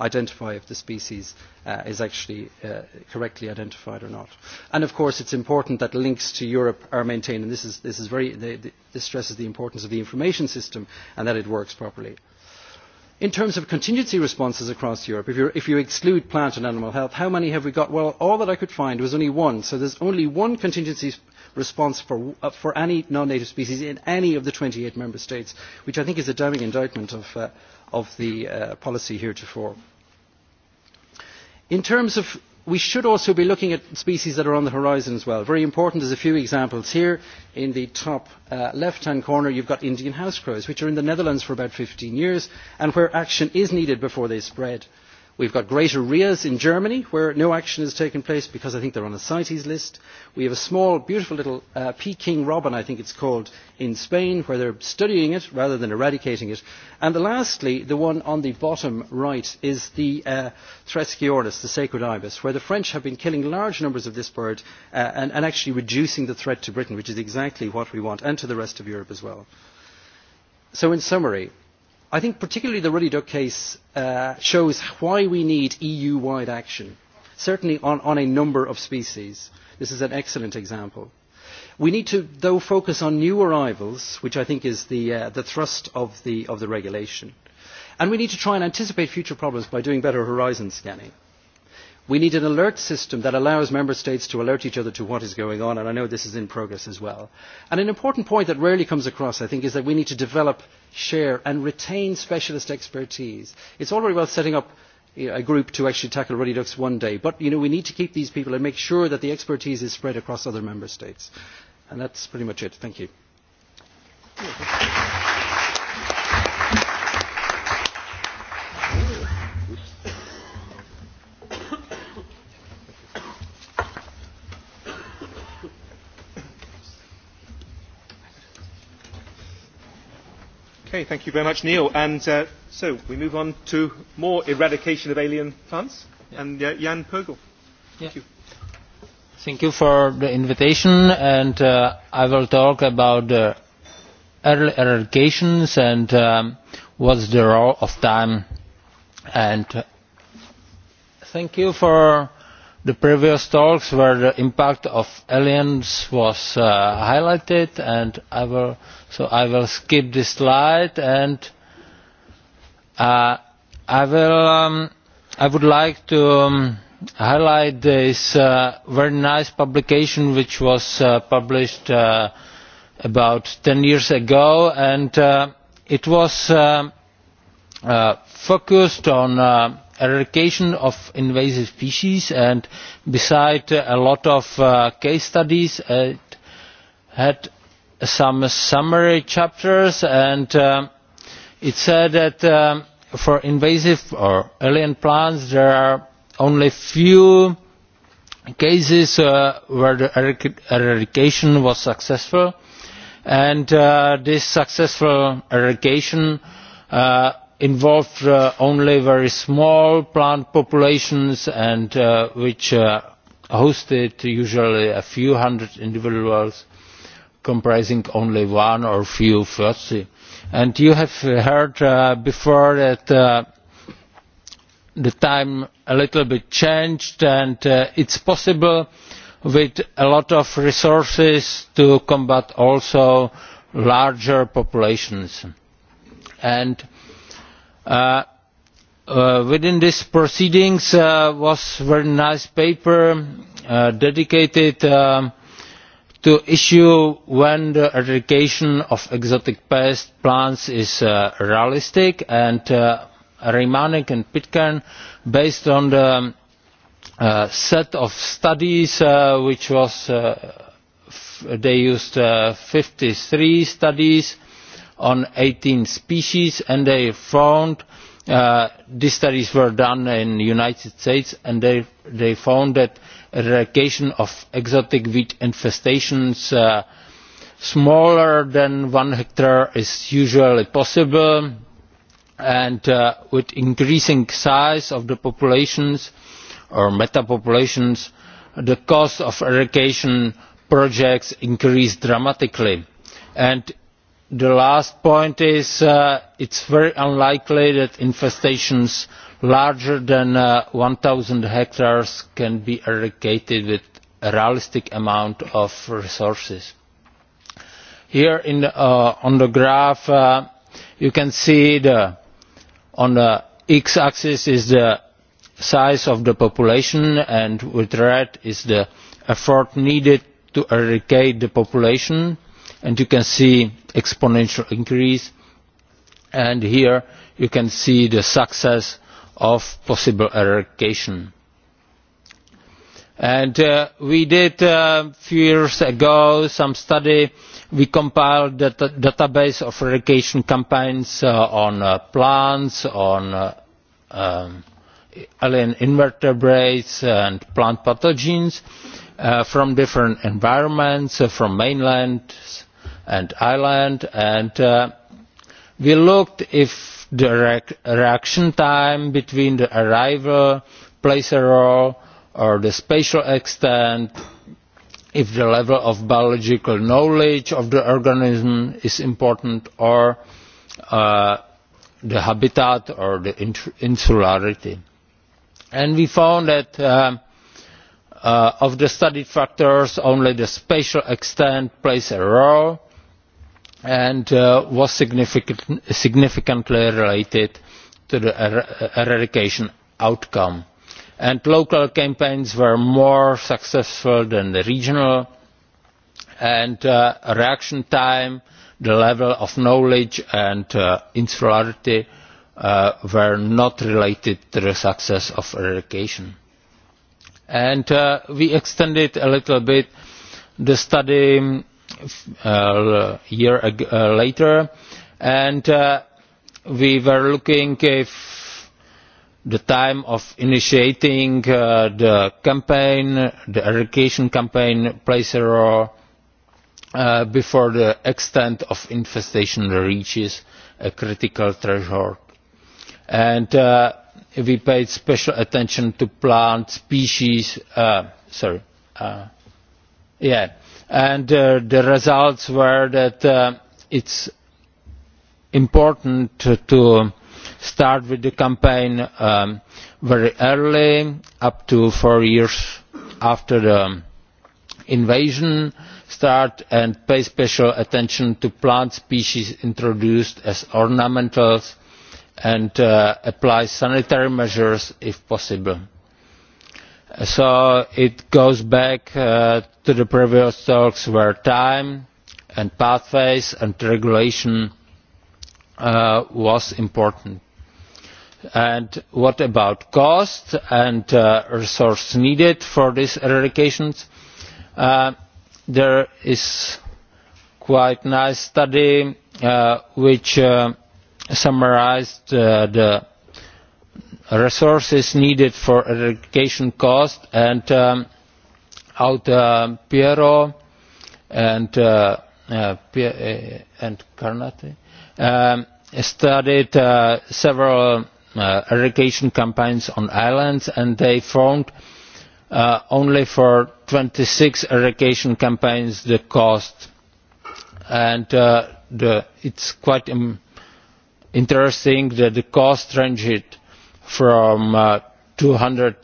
identify if the species is actually correctly identified or not. And of course it's important that links to Europe are maintained and this is very this stresses the importance of the information system and that it works properly. In terms of contingency responses across Europe, if you exclude plant and animal health, how many have we got? Well, all that I could find was only one. So there's only one contingency response for any non-native species in any of the 28 member states, which I think is a damning indictment of of the policy heretofore. In terms of we should also be looking at species that are on the horizon as well. Very important is a few examples here. In the top left-hand corner, you've got Indian house crows, which are in the Netherlands for about 15 years, and where action is needed before they spread. We've got greater RIAs in Germany where no action has taken place because I think they are on a CITES list. We have a small, beautiful little Peking robin, I think it's called, in Spain where they are studying it rather than eradicating it. And lastly, the one on the bottom right is the thresciornis the sacred ibis, where the French have been killing large numbers of this bird and actually reducing the threat to Britain, which is exactly what we want, and to the rest of Europe as well. So in summary I think particularly the Ruddy Duck case shows why we need EU-wide action, certainly on a number of species. This is an excellent example. We need to, though, focus on new arrivals, which I think is the thrust of the regulation. And we need to try and anticipate future problems by doing better horizon scanning we need an alert system that allows member states to alert each other to what is going on and i know this is in progress as well. an important point that rarely comes across i think is that we need to develop share and retain specialist expertise. it is all very well setting up a group to actually tackle ruddy ducks one day but we need to keep these people and make sure that the expertise is spread across other member states. And that's pretty much it. thank you. thank you very much, Neil. And so we move on to more eradication of alien plants. And Jan Pogel. Thank you. Thank you for the invitation. And I will talk about the early eradications and what's the role of time. And thank you for the previous talks where the impact of aliens was highlighted and I will so I will skip this slide and I will I would like to highlight this very nice publication which was published about 10 years ago and it was focused on eradication of invasive species and beside a lot of case studies it had some summary chapters and it said that for invasive or alien plants there are only few cases where the eradication was successful and this successful eradication involved only very small plant populations and which hosted usually a few hundred individuals comprising only one or few And you have heard before that the time a little bit changed and it's possible with a lot of resources to combat also larger populations. And Within these proceedings was a very nice paper dedicated to issue when the eradication of exotic pest plants is realistic and Reimanek and Pitcairn based on the set of studies which was they used 53 studies on 18 species and they found these studies were done in the United States and they found that eradication of exotic wheat infestations smaller than one hectare is usually possible and with increasing size of the populations or metapopulations, populations the cost of eradication projects increased dramatically and the last point is it is very unlikely that infestations larger than one thousand hectares can be eradicated with a realistic amount of resources. here on the graph you can see on the x axis is the size of the population and with red is the effort needed to eradicate the population and you can see exponential increase and here you can see the success of possible eradication. And we did a few years ago some study. We compiled the database of eradication campaigns on plants, on alien invertebrates and plant pathogens from different environments, from mainland and Ireland and we looked if the reaction time between the arrival plays a role or the spatial extent, if the level of biological knowledge of the organism is important or the habitat or the insularity. And we found that of the studied factors only the spatial extent plays a role and was significantly related to the eradication outcome. And local campaigns were more successful than the regional, and reaction time, the level of knowledge and insularity were not related to the success of eradication. And we extended a little bit the study a year later and we were looking if the time of initiating the campaign the eradication campaign plays a role before the extent of infestation reaches a critical threshold and we paid special attention to plant species sorry yeah and the results were that it is important to start with the campaign very early up to four years after the invasion start and pay special attention to plant species introduced as ornamentals and apply sanitary measures if possible. So it goes back to the previous talks where time and pathways and regulation was important. And what about cost and resources needed for these eradications? There is quite nice study which summarized the resources needed for irrigation costs and out Piero and Carnati studied several irrigation campaigns on islands and they found only for 26 irrigation campaigns the cost and it's quite interesting that the cost ranged from 200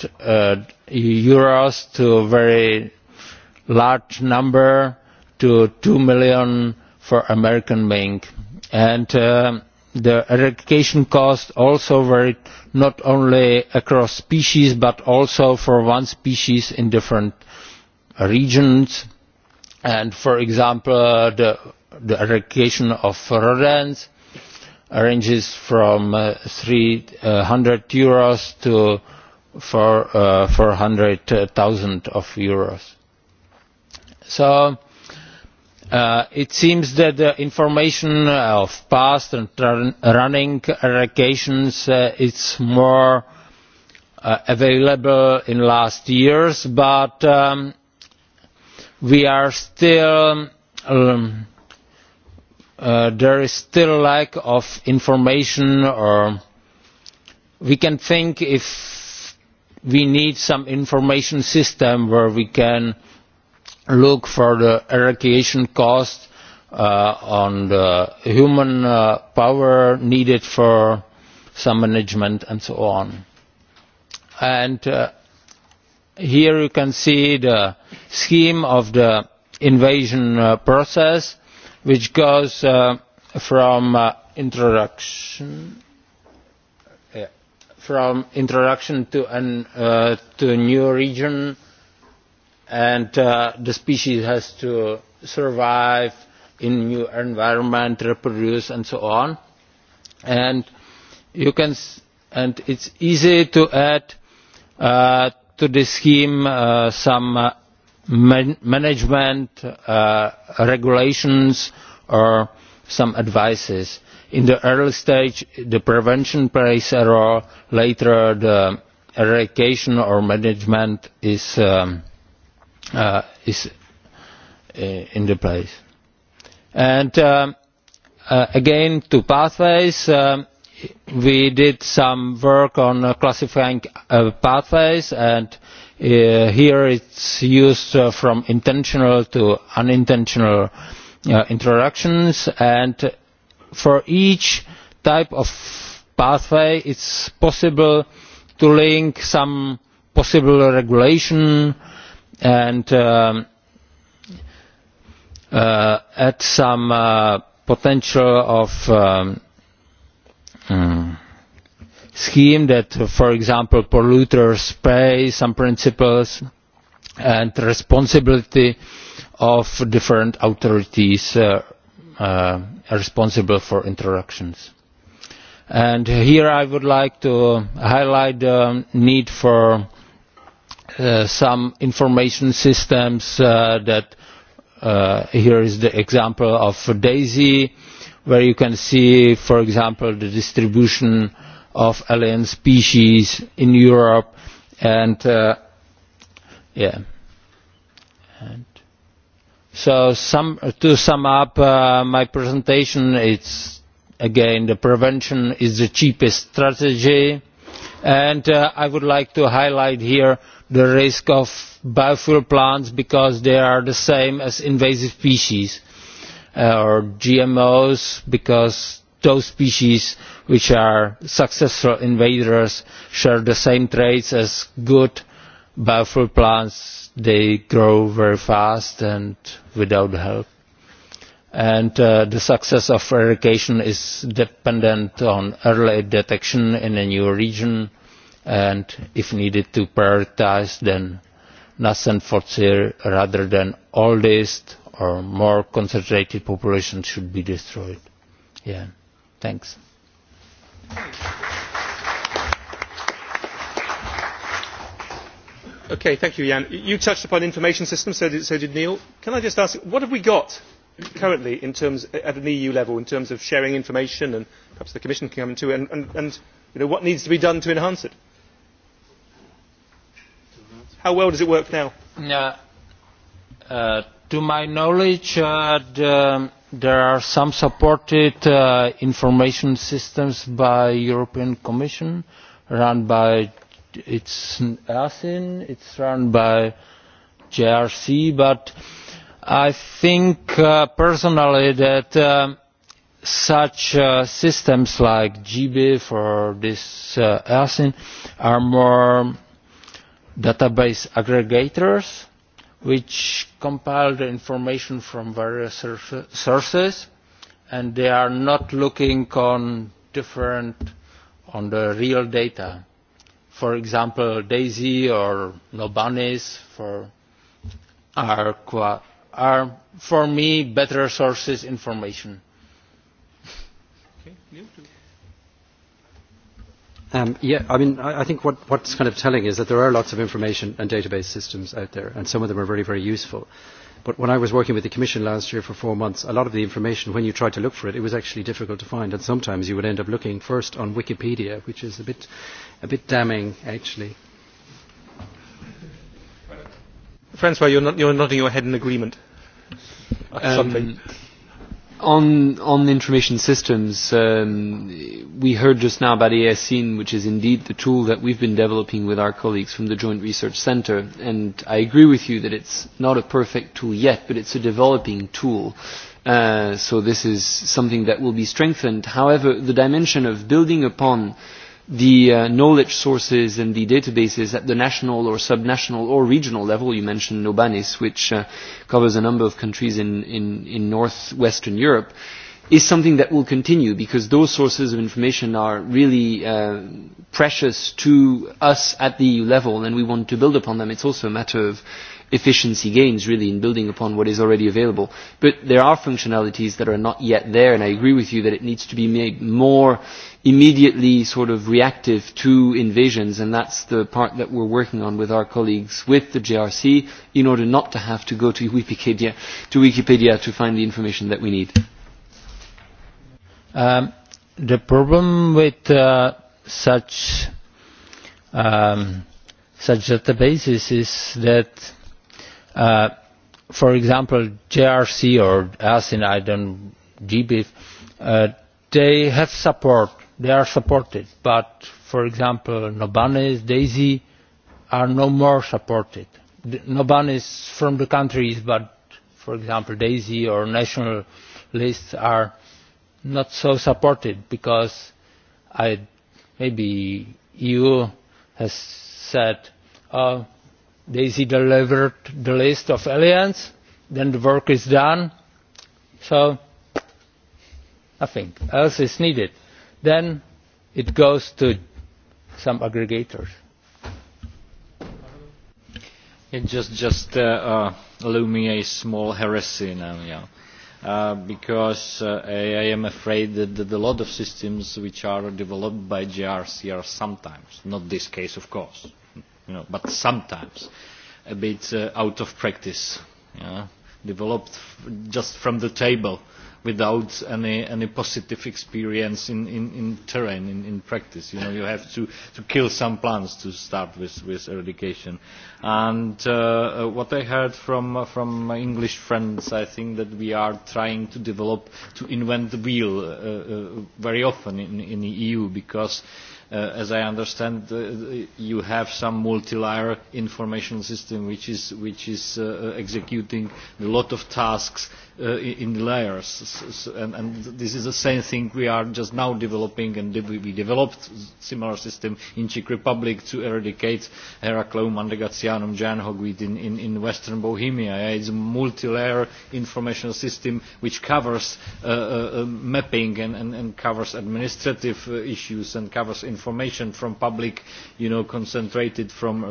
euros to a very large number to 2 million for American mink. And the eradication cost also varied not only across species but also for one species in different regions. And for example, the eradication of rodents ranges from 300 euros to 400,000 of euros. So it seems that the information of past and running allocations is more available in last years, but we are still there is still a lack of information or we can think if we need some information system where we can look for the eradication cost on the human power needed for some management and so on. And here you can see the scheme of the invasion process which goes from introduction from introduction to a new region and the species has to survive in new environment, reproduce and so on. And you can and it's easy to add to this scheme some management regulations or some advices. In the early stage the prevention plays a role, later the eradication or management is in the place. And again to pathways we did some work on classifying pathways and Here it's used from intentional to unintentional interactions and for each type of pathway it's possible to link some possible regulation and add some potential of scheme that, for example, polluters pay some principles and responsibility of different authorities responsible for interactions. And here I would like to highlight the need for some information systems that here is the example of DAISY where you can see, for example, the distribution of alien species in Europe and yeah and so some to sum up my presentation it's again the prevention is the cheapest strategy and I would like to highlight here the risk of biofuel plants because they are the same as invasive species or GMOs because those species which are successful invaders share the same traits as good biofuel plants. They grow very fast and without help. And the success of eradication is dependent on early detection in a new region and, if needed, to prioritize then nascent fossil rather than oldest or more concentrated populations should be destroyed. Yeah. Thanks. Okay, thank you, Jan. You touched upon information systems, so did Neil. Can I just ask, what have we got currently in terms at an EU level in terms of sharing information, and perhaps the Commission can come into it, and what needs to be done to enhance it? How well does it work now? To my knowledge, There are some supported information systems by European Commission, run by its ASIN, it's run by JRC, but I think personally that such systems like GB for this ASIN are more database aggregators which compile the information from various sources and they are not looking on different on the real data. For example, DAISY or Nobanis for are are for me better sources information. Yeah, I mean, I I think what what's kind of telling is that there are lots of information and database systems out there, and some of them are very, very useful. But when I was working with the Commission last year for four months, a lot of the information, when you tried to look for it, it was actually difficult to find, and sometimes you would end up looking first on Wikipedia, which is a bit, a bit damning, actually. Francois, you're not, you're nodding your head in agreement. On on information systems, we heard just now about ASIN, which is indeed the tool that we've been developing with our colleagues from the Joint Research Centre. And I agree with you that it's not a perfect tool yet, but it's a developing tool. So this is something that will be strengthened. However, the dimension of building upon the knowledge sources and the databases at the national or subnational or regional level. You mentioned Nobanis, which covers a number of countries in, in, in northwestern Europe, is something that will continue because those sources of information are really precious to us at the EU level and we want to build upon them. It's also a matter of efficiency gains really in building upon what is already available. But there are functionalities that are not yet there and I agree with you that it needs to be made more immediately sort of reactive to invasions and that's the part that we're working on with our colleagues with the JRC in order not to have to go to Wikipedia to, Wikipedia to find the information that we need. Um, the problem with such um, such databases is that For example, JRC or As in I don't GBIF, they have support, they are supported, but for example, Nobanes, Daisy are no more supported. Nobanes from the countries, but for example, Daisy or national lists are not so supported because I maybe EU has said they delivered the list of aliens, then the work is done. So nothing else is needed. Then it goes to some aggregators. Just just allow me a small heresy now, because I am afraid that a lot of systems which are developed by GRC are sometimes, not this case of course you know, but sometimes a bit out of practice, developed just from the table without any any positive experience in in terrain in in practice you know you have to to kill some plants to start with with eradication and what i heard from from my english friends i think that we are trying to develop to invent the wheel very often in in the eu because as I understand, you have some multi-layer information system which is executing a lot of tasks in layers. And this is the same thing we are just now developing, and we developed a similar system in Czech Republic to eradicate Heracleum Jan Hogweed in western Bohemia. It's a multi-layer information system which covers mapping and covers administrative issues and covers information from public, you know, concentrated from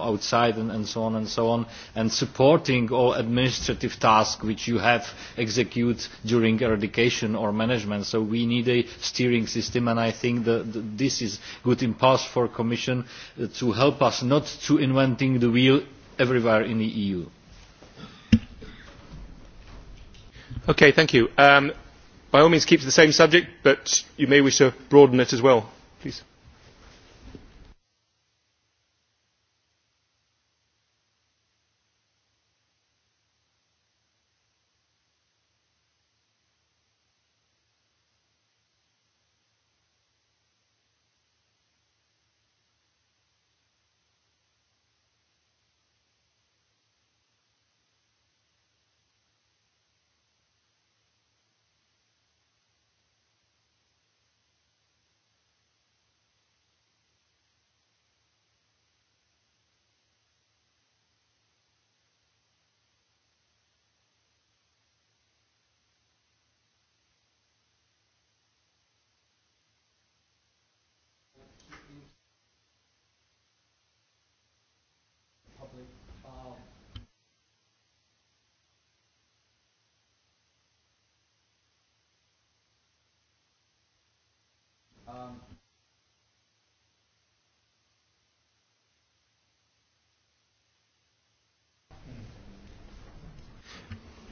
outside and so on and so on, and supporting all administrative tasks which you you have execute during eradication or management. So we need a steering system and I think that this is good impulse for Commission to help us not to inventing the wheel everywhere in the EU. Okay, thank you. By all means keep to the same subject, but you may wish to broaden it as well.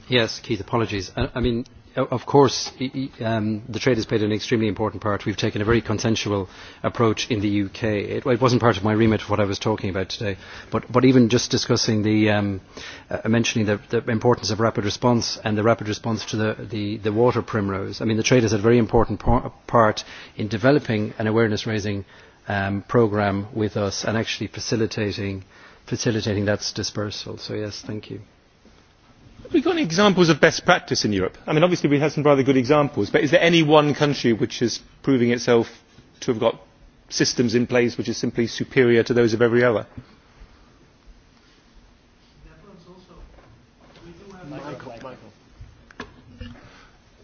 Yes, Keith, apologies. I mean, of course, the trade has played an extremely important part. We've taken a very consensual approach in the UK. It wasn't part of my remit of what I was talking about today, but even just discussing the, mentioning the importance of rapid response and the rapid response to the water primrose. I mean, the trade has had a very important part in developing an awareness-raising programme with us and actually facilitating facilitating that dispersal. So yes, thank you. We've got examples of best practice in Europe. I mean, obviously we have some rather good examples, but is there any one country which is proving itself to have got systems in place which is simply superior to those of every other?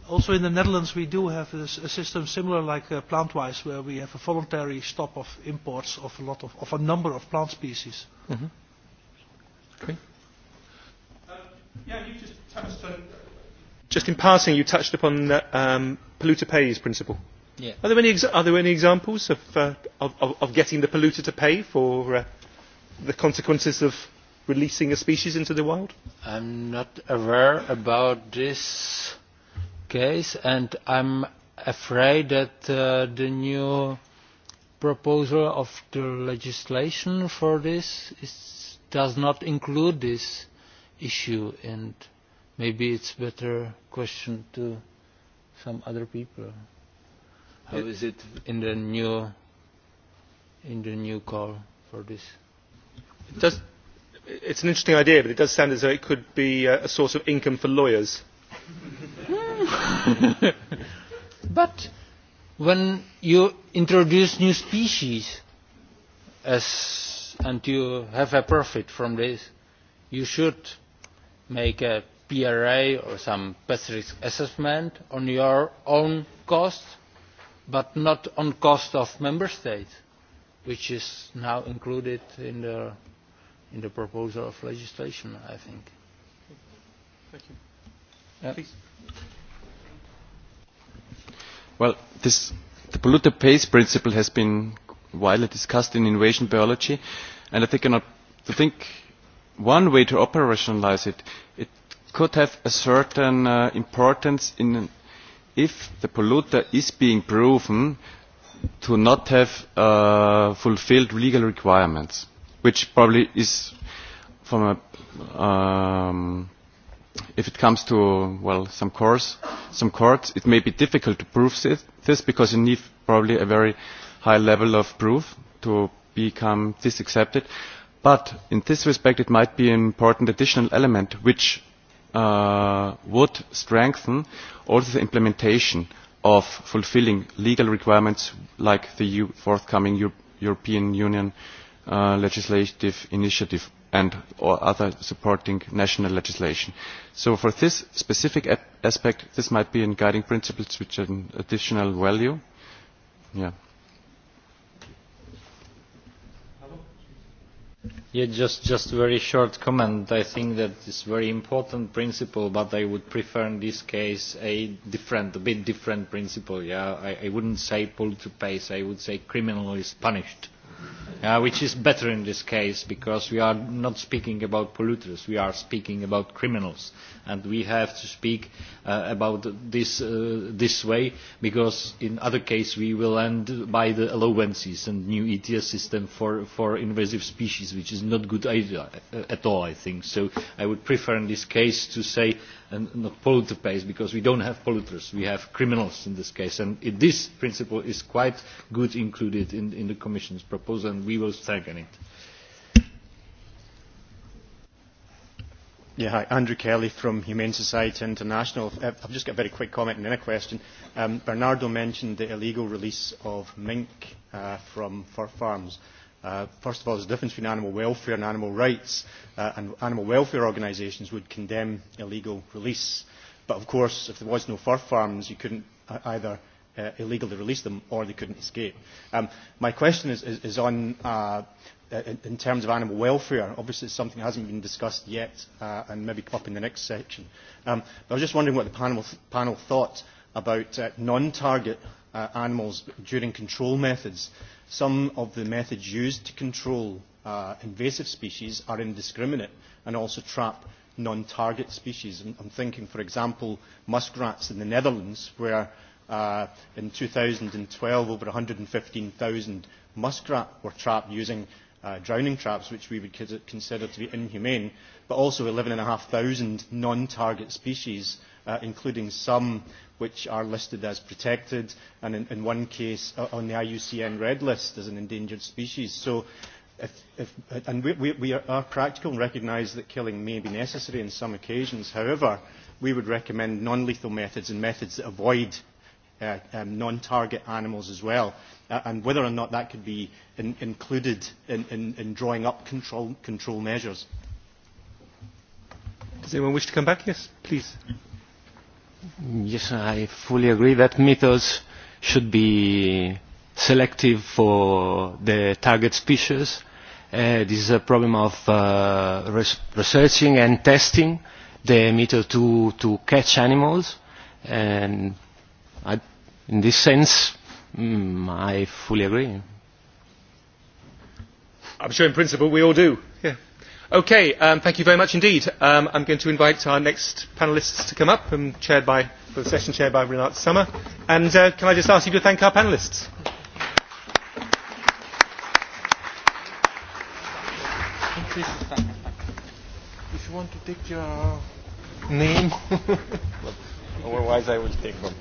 Also in the Netherlands we do have a system similar like Plantwise, where we have a voluntary stop of imports of a lot of a number of plant species. Okay. Just in passing, you touched upon the polluter pays principle. Are there any are there any examples of of getting the polluter to pay for the consequences of releasing a species into the wild? I'm not aware about this case, and I'm afraid that the new proposal of the legislation for this does not include this issue and maybe it's better question to some other people. How is it in the new in the new call for this? does, it's an interesting idea, but it does sound as though it could be a, source of income for lawyers. but when you introduce new species as, and you have a profit from this, you should make a PRA or some best risk assessment on your own cost, but not on cost of member states, which is now included in the in the proposal of legislation, I think. Well, this the polluter pays principle has been widely discussed in innovation biology, and I think I think one way to operationalise it it could have a certain importance in if the polluter is being proven to not have fulfilled legal requirements which probably is from a if it comes to well some courts some courts it may be difficult to prove this because you need probably a very high level of proof to become this accepted But in this respect, it might be an important additional element which would strengthen also the implementation of fulfilling legal requirements like the forthcoming European Union legislative initiative and or other supporting national legislation. So for this specific aspect, this might be in guiding principles which are an additional value. Yeah, just just a very short comment. I think that is very important principle, but I would prefer in this case a different, a bit different principle. Yeah, I, I wouldn't say pull to pace. I would say criminal is punished which is better in this case because we are not speaking about polluters, we are speaking about criminals. And we have to speak about this this way because in other case we will end by the allowances and new ETS system for for invasive species, which is not good idea at all, I think. So I would prefer in this case to say and not polluter pays because we don't have polluters we have criminals in this case and this principle is quite good included in the commission's proposal and we will second it yeah hi andrew kelly from humane society international i've just got a very quick comment and then a question bernardo mentioned the illegal release of mink from fur farms First of all, there is a difference between animal welfare and animal rights, and animal welfare organisations would condemn illegal release. But of course, if there was no fur farms, you couldn't either illegally release them or they couldn't escape. My question is in terms of animal welfare, obviously it's something that hasn't been discussed yet and maybe come up in the next section. I was just wondering what the panel thought about non-target animals during control methods Some of the methods used to control invasive species are indiscriminate and also trap non-target species. I'm thinking, for example, muskrats in the Netherlands, where in 2012 over 115,000 muskrat were trapped using drowning traps, which we would consider to be inhumane, but also 11,500 non-target species, including some which are listed as protected and in one case on the IUCN red list as an endangered species. So and we are practical and recognise that killing may be necessary in some occasions. However, we would recommend non-lethal methods and methods that avoid non-target animals as well. And whether or not that could be included in drawing up control measures. Does anyone wish to come back? Yes, please. Yes, I fully agree that methods should be selective for the target species. This is a problem of researching and testing the method to to catch animals, and in this sense, I fully agree. I'm sure in principle we all do. Yeah. Okay, thank you very much indeed. I'm going to invite our next panelists to come up, chaired by, the session chaired by Renat Sommer. And can I just ask you to thank our panelists? If you want to take your name, otherwise I will take them.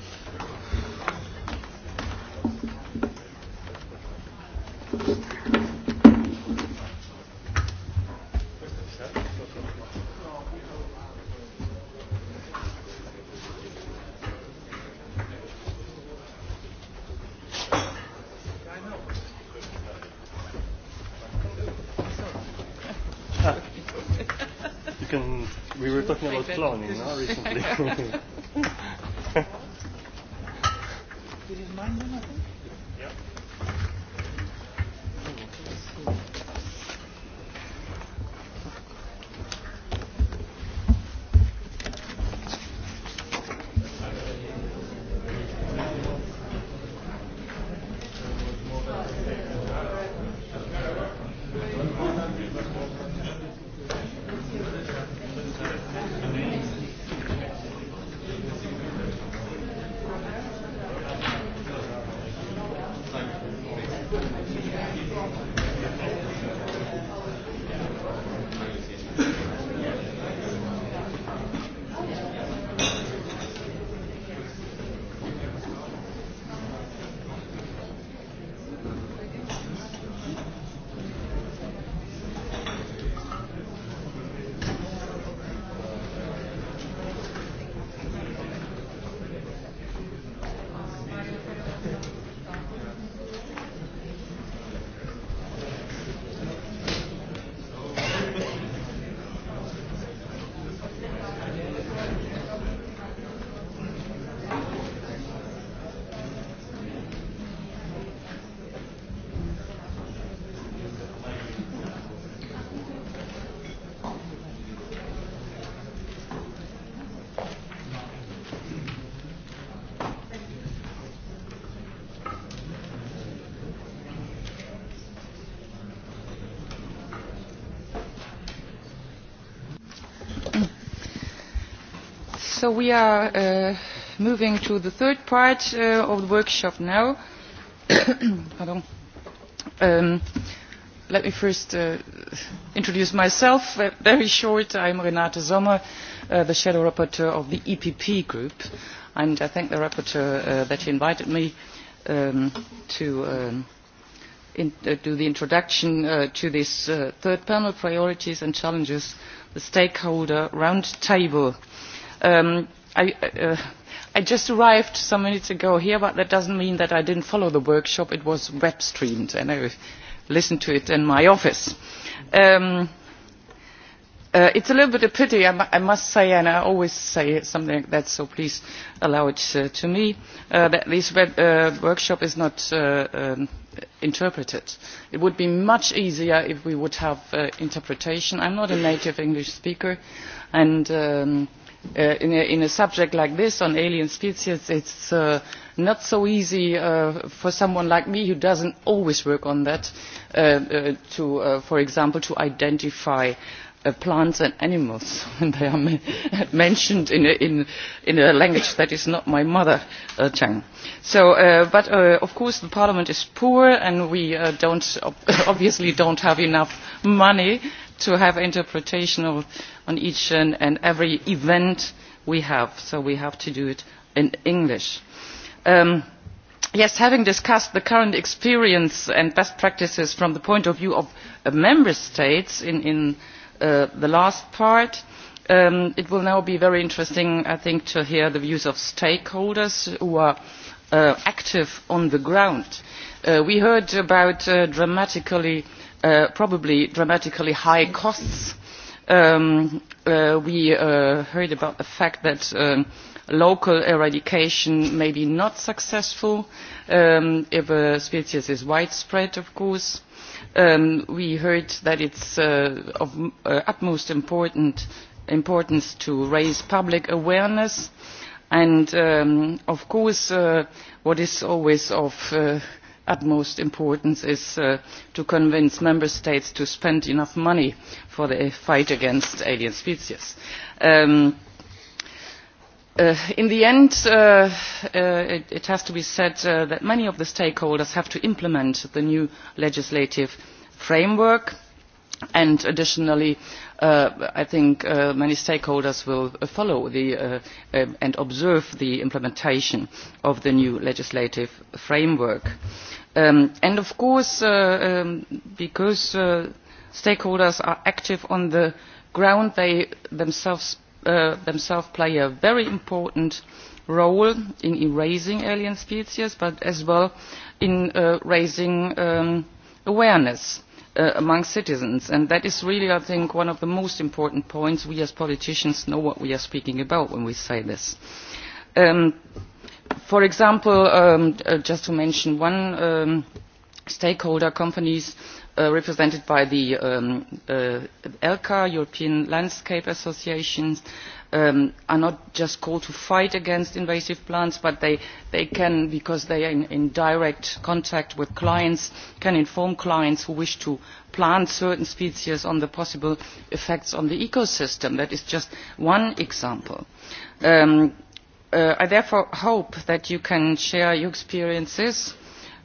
so we are moving to the third part of the workshop now. Let me first introduce myself. Very short, I'm Renate Sommer, the shadow rapporteur of the EPP group, and I thank the rapporteur that he invited me to do the introduction to this third panel, Priorities and Challenges, the Stakeholder Roundtable. I just arrived some minutes ago here, but that doesn't mean that I didn't follow the workshop. It was web streamed, and I listened to it in my office. It's a little bit of pity, I must say, and I always say something like that, so please allow it to me, that this workshop is not interpreted. It would be much easier if we would have interpretation. I'm not a native English speaker, and in a subject like this on alien species it's not so easy for someone like me who doesn't always work on that to for example to identify plants and animals when they are mentioned in a language that is not my mother tongue. So, but of course the parliament is poor and we don't, obviously don't have enough money to have interpretation on each and every event we have, so we have to do it in English. Yes, having discussed the current experience and best practices from the point of view of member states in the last part, it will now be very interesting, I think, to hear the views of stakeholders who are active on the ground. We heard about dramatically probably dramatically high costs. We heard about the fact that local eradication may be not successful if a species is widespread, of course. We heard that it's of utmost importance to raise public awareness and, of course, what is always of utmost importance is to convince member states to spend enough money for the fight against alien species. In the end, it has to be said that many of the stakeholders have to implement the new legislative framework and additionally i think many stakeholders will follow and observe the implementation of the new legislative framework. And of course, because stakeholders are active on the ground, they themselves play a very important role in erasing alien species, but as well in raising awareness among citizens. And that is really, I think, one of the most important points. We as politicians know what we are speaking about when we say this. For example, just to mention one stakeholder, companies represented by the ELCA, European Landscape Associations, are not just called to fight against invasive plants, but they can, because they are in direct contact with clients, can inform clients who wish to plant certain species on the possible effects on the ecosystem. That is just one example. I therefore hope that you can share your experiences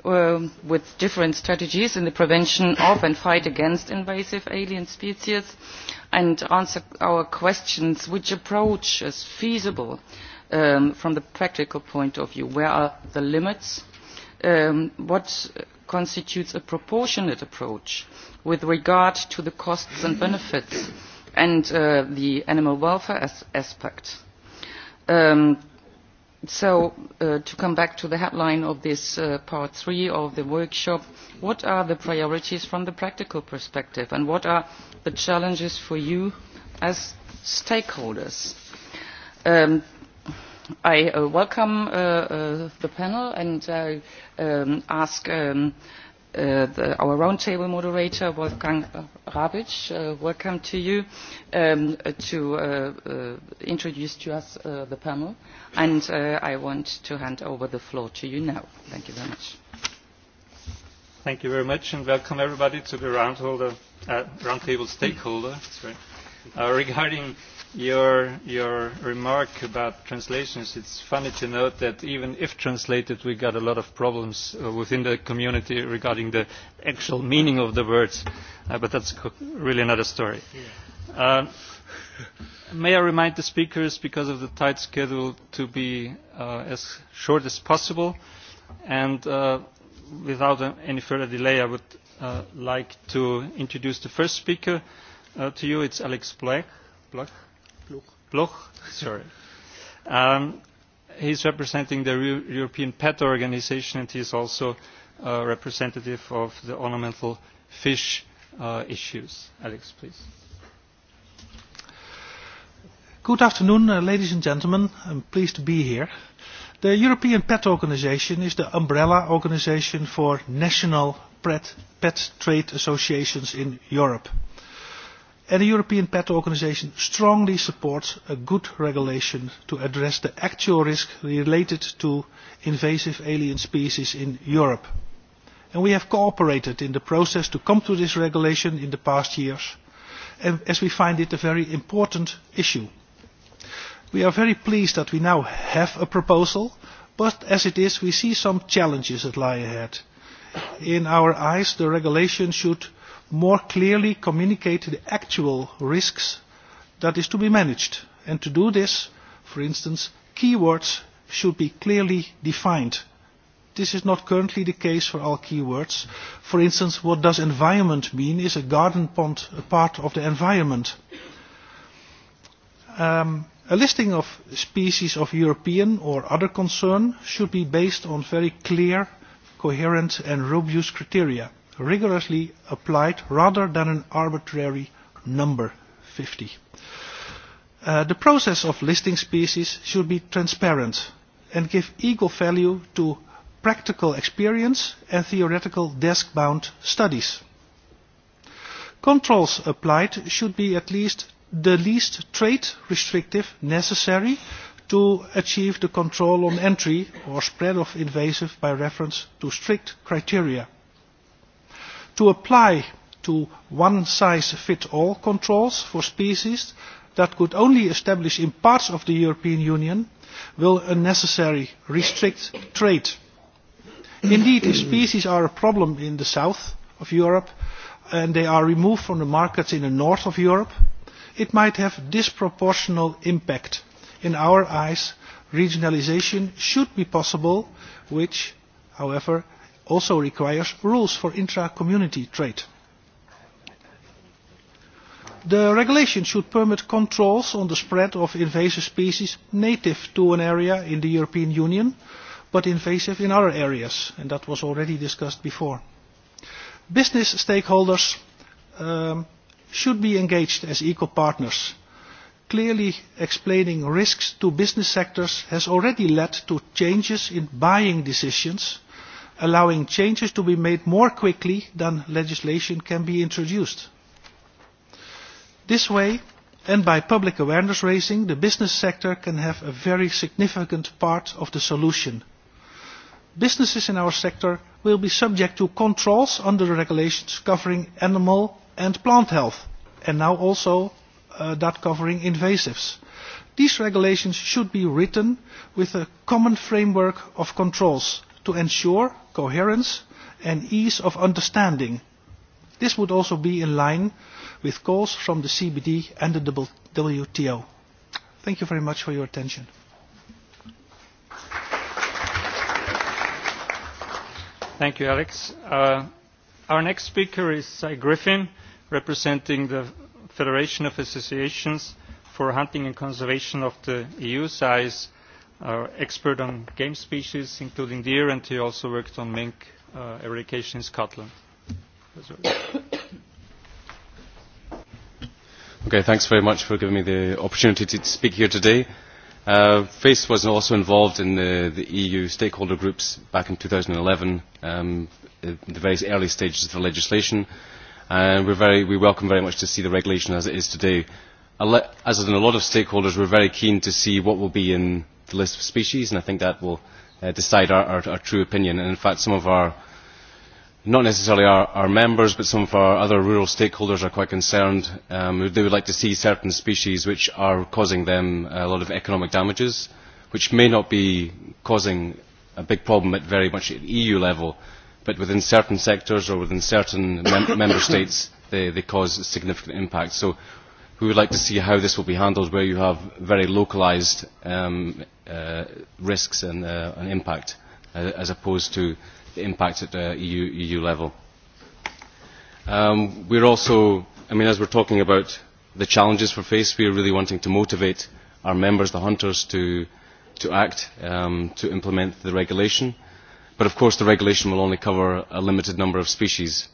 with different strategies in the prevention of and fight against invasive alien species and answer our questions which approach is feasible from the practical point of view. Where are the limits? What constitutes a proportionate approach with regard to the costs and benefits and the animal welfare aspect? So to come back to the headline of this part three of the workshop, what are the priorities from the practical perspective and what are the challenges for you as stakeholders? I welcome the panel and ask our roundtable moderator, Wolfgang Rabic. Welcome to you to introduce to us the panel. And I want to hand over the floor to you now. Thank you very much. Thank you very much and welcome everybody to the roundtable stakeholder regarding your your remark about translations it's funny to note that even if translated we got a lot of problems within the community regarding the actual meaning of the words but that's really another story may i remind the speakers because of the tight schedule to be as short as possible and without any further delay i would like to introduce the first speaker to you it's alex black Bloch, sorry. He's representing the European Pet Organization and he's also a representative of the ornamental fish issues. Alex, please. Good afternoon, ladies and gentlemen. I'm pleased to be here. The European Pet Organisation is the umbrella organisation for national pet trade associations in Europe and the European Pet Organisation strongly supports a good regulation to address the actual risk related to invasive alien species in Europe. And we have cooperated in the process to come to this regulation in the past years, as we find it a very important issue. We are very pleased that we now have a proposal, but as it is, we see some challenges that lie ahead. In our eyes, the regulation should more clearly communicate the actual risks that is to be managed. And to do this, for instance, keywords should be clearly defined. This is not currently the case for all keywords. For instance, what does environment mean? Is a garden pond a part of the environment? A listing of species of European or other concern should be based on very clear, coherent and robust criteria rigorously applied rather than an arbitrary number 50. The process of listing species should be transparent and give equal value to practical experience and theoretical desk-bound studies. Controls applied should be at least the least trade restrictive necessary to achieve the control on entry or spread of invasive by reference to strict criteria to apply to one-size-fits-all controls for species that could only establish in parts of the European Union will unnecessarily restrict trade. Indeed, if species are a problem in the south of Europe and they are removed from the markets in the north of Europe, it might have disproportional impact. In our eyes, regionalisation should be possible, which, however, also requires rules for intra-community trade. The regulation should permit controls on the spread of invasive species native to an area in the European Union, but invasive in other areas, and that was already discussed before. Business stakeholders should be engaged as equal partners. Clearly explaining risks to business sectors has already led to changes in buying decisions allowing changes to be made more quickly than legislation can be introduced. This way, and by public awareness raising, the business sector can have a very significant part of the solution. Businesses in our sector will be subject to controls under the regulations covering animal and plant health, and now also that covering invasives. These regulations should be written with a common framework of controls to ensure coherence and ease of understanding. This would also be in line with calls from the CBD and the WTO. Thank you very much for your attention. Thank you, Alex. Our next speaker is Cy Griffin, representing the Federation of Associations for Hunting and Conservation of the EU. size our expert on game species, including deer, and he also worked on mink eradication in Scotland. Okay, thanks very much for giving me the opportunity to speak here today. FACE was also involved in the EU stakeholder groups back in 2011, in the very early stages of the legislation, and we welcome very much to see the regulation as it is today. As in a lot of stakeholders, we're very keen to see what will be in the list of species, and I think that will decide our true opinion. And in fact, some of our, not necessarily our members, but some of our other rural stakeholders are quite concerned. They would like to see certain species which are causing them a lot of economic damages, which may not be causing a big problem at very much at EU level, but within certain sectors or within certain member states, they cause significant impact. So We would like to see how this will be handled where you have very localised risks and impact as opposed to the impact at the EU level. We're also, I mean, as we're talking about the challenges we face, we are really wanting to motivate our members, the hunters, to act, to implement the regulation. But of course the regulation will only cover a limited number of species.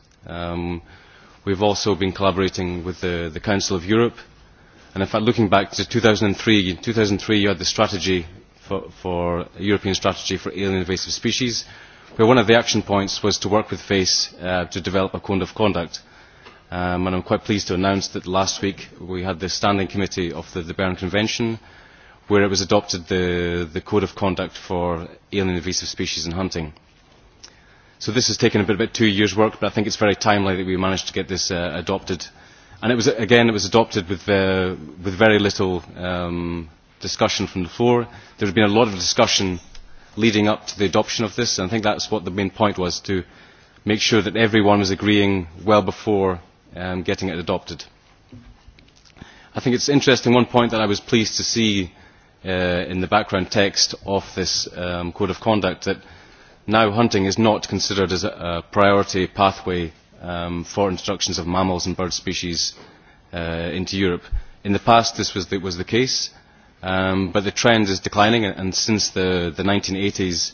We have also been collaborating with the Council of Europe. And in fact, looking back to 2003, in 2003 you had the strategy for European strategy for alien invasive species, where one of the action points was to work with FACE to develop a code of conduct. And I'm quite pleased to announce that last week we had the standing committee of the Berne Convention, where it was adopted the code of conduct for alien invasive species and hunting. So this has taken a bit about two years' work, but I think it's very timely that we managed to get this adopted. And it was, again, it was adopted with, very little um, discussion from the floor. There has been a lot of discussion leading up to the adoption of this, and I think that's what the main point was, to make sure that everyone was agreeing well before getting it adopted. I think it's interesting, one point that I was pleased to see in the background text of this Code of Conduct, that now hunting is not considered as a priority pathway for introductions of mammals and bird species into Europe. In the past this was the case, but the trend is declining and since the 1980s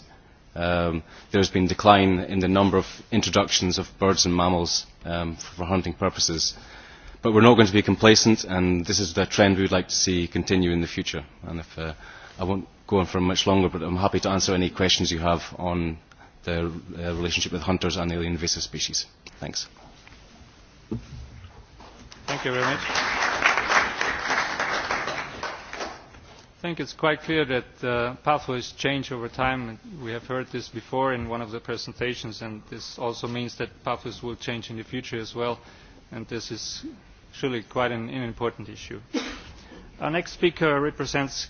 there has been decline in the number of introductions of birds and mammals for hunting purposes. But we're not going to be complacent and this is the trend we would like to see continue in the future. And if I won't go on for much longer, but I'm happy to answer any questions you have on the relationship with hunters and alien invasive species. Thanks. Thank you very much. I think it's quite clear that pathways change over time. We have heard this before in one of the presentations, and this also means that pathways will change in the future as well, and this is surely quite an important issue. Our next speaker represents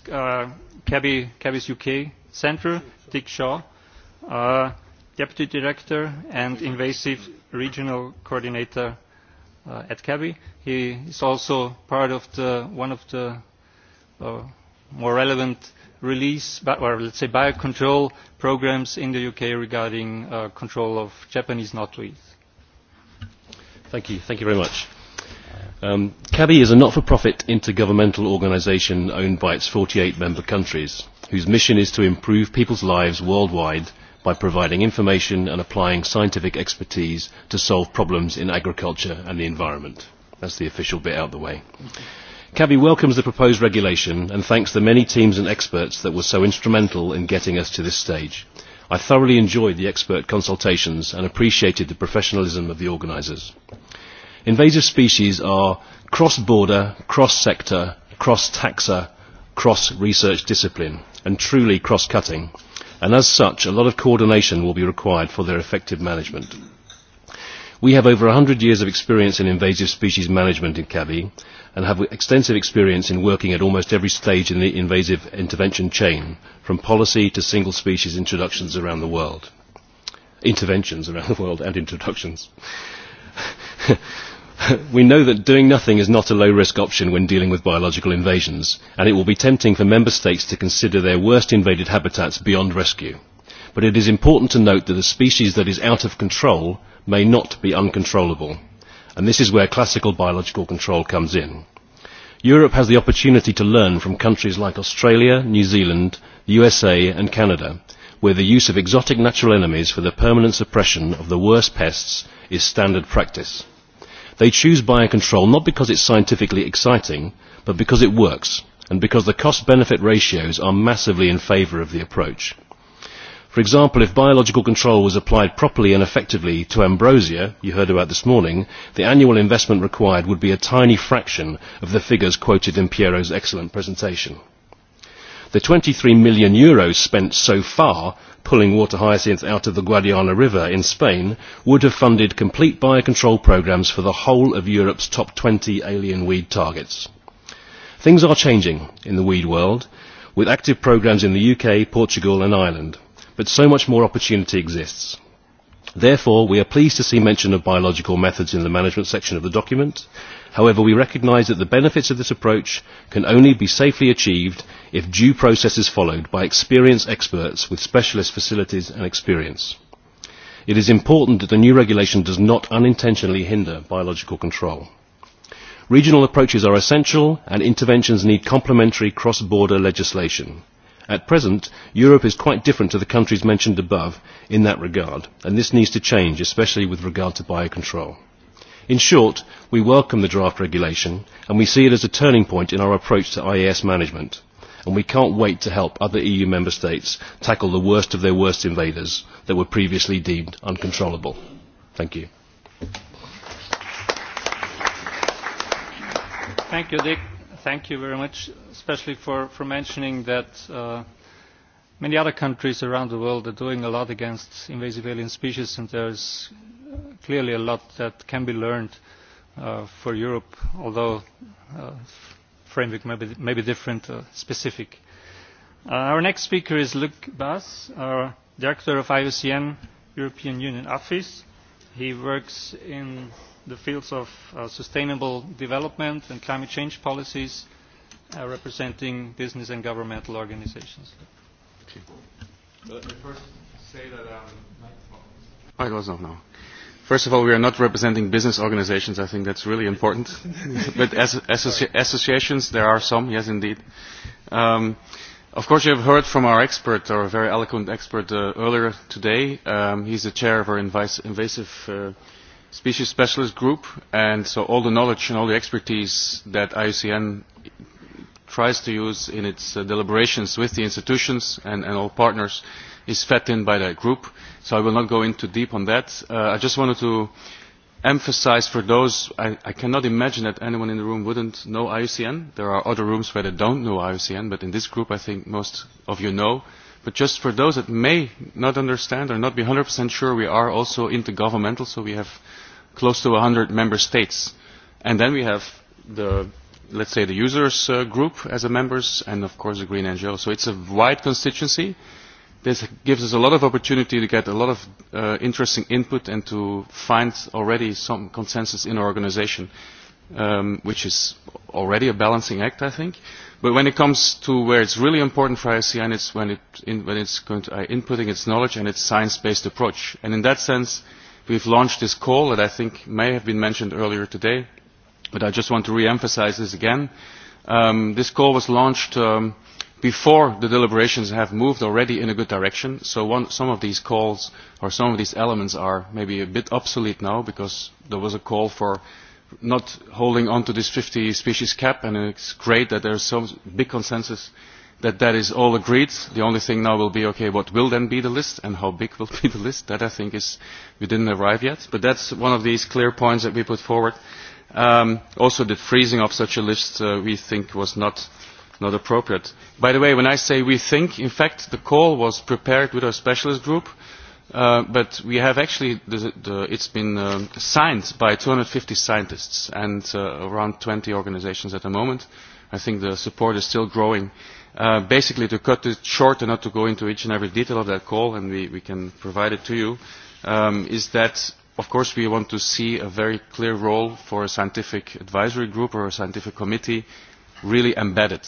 Cabby's UK Centre, Dick Shaw. Deputy Director and Invasive Regional Coordinator at CABI. He is also part of the one of the more relevant release, or let's say biocontrol programs in the UK regarding control of Japanese knotweed. Thank you. Thank you very much. CABI is a not-for-profit intergovernmental organisation owned by its 48 member countries, whose mission is to improve people's lives worldwide by providing information and applying scientific expertise to solve problems in agriculture and the environment. That's the official bit out of the way. CABI welcomes the proposed regulation and thanks the many teams and experts that were so instrumental in getting us to this stage. I thoroughly enjoyed the expert consultations and appreciated the professionalism of the organisers. Invasive species are cross-border, cross-sector, cross-taxa, cross-research discipline and truly cross-cutting and as such a lot of coordination will be required for their effective management. We have over 100 years of experience in invasive species management in CAVI and have extensive experience in working at almost every stage in the invasive intervention chain, from policy to single species introductions around the world. Interventions around the world and introductions we know that doing nothing is not a low risk option when dealing with biological invasions and it will be tempting for member states to consider their worst invaded habitats beyond rescue but it is important to note that a species that is out of control may not be uncontrollable and this is where classical biological control comes in. europe has the opportunity to learn from countries like australia new zealand the usa and canada where the use of exotic natural enemies for the permanent suppression of the worst pests is standard practice. They choose biocontrol not because it's scientifically exciting, but because it works and because the cost-benefit ratios are massively in favour of the approach. For example, if biological control was applied properly and effectively to ambrosia, you heard about this morning, the annual investment required would be a tiny fraction of the figures quoted in Piero's excellent presentation. The 23 million euros spent so far pulling water hyacinth out of the Guadiana River in Spain would have funded complete biocontrol programmes for the whole of Europe's top 20 alien weed targets. Things are changing in the weed world, with active programmes in the UK, Portugal and Ireland, but so much more opportunity exists. Therefore, we are pleased to see mention of biological methods in the management section of the document. However, we recognise that the benefits of this approach can only be safely achieved if due process is followed by experienced experts with specialist facilities and experience. It is important that the new regulation does not unintentionally hinder biological control. Regional approaches are essential and interventions need complementary cross-border legislation. At present, Europe is quite different to the countries mentioned above in that regard, and this needs to change, especially with regard to biocontrol. In short, we welcome the draft regulation, and we see it as a turning point in our approach to IAS management, and we can't wait to help other EU member states tackle the worst of their worst invaders that were previously deemed uncontrollable. Thank you. Thank you, Dick thank you very much, especially for mentioning that many other countries around the world are doing a lot against invasive alien species, and there is clearly a lot that can be learned for Europe, although the framework may be different, specific. Our next speaker is Luc Bass, our Director of IOCN European Union Office. He works in the fields of sustainable development and climate change policies representing business and governmental organizations. first was First of all, we are not representing business organizations. I think that's really important. But as associations, there are some, yes, indeed. Of course, you have heard from our expert, our very eloquent expert, earlier today. He's the chair of our invasive species specialist group, and so all the knowledge and all the expertise that IUCN tries to use in its deliberations with the institutions and all partners is fed in by that group. So I will not go into deep on that. I just wanted to emphasize for those, I cannot imagine that anyone in the room wouldn't know IUCN. There are other rooms where they don't know IUCN, but in this group I think most of you know But just for those that may not understand or not be 100% sure, we are also intergovernmental, so we have close to 100 member states. And then we have the, let's say, the users group as a members, and of course the Green NGO. So it's a wide constituency. This gives us a lot of opportunity to get a lot of interesting input and to find already some consensus in our organization which is already a balancing act, I think. But when it comes to where it's really important for ICN, it's when, it, in, when it's going to, inputting its knowledge and its science-based approach. And in that sense, we've launched this call that I think may have been mentioned earlier today, but I just want to re-emphasize this again. Um, this call was launched before the deliberations have moved already in a good direction. So one, some of these calls or some of these elements are maybe a bit obsolete now because there was a call for not holding on to this 50 species cap, and it is great that there is so big consensus that that is all agreed. The only thing now will be, okay, what will then be the list and how big will be the list? That, I think, is we didn't arrive yet. But that is one of these clear points that we put forward. Also, the freezing of such a list, we think, was not not appropriate. By the way, when I say we think, in fact, the call was prepared with our specialist group but we have actually it's been signed by 250 scientists and around 20 organisations at the moment. I think the support is still growing. Basically, to cut it short and not to go into each and every detail of that call, and we can provide it to you, is that, of course, we want to see a very clear role for a scientific advisory group or a scientific committee really embedded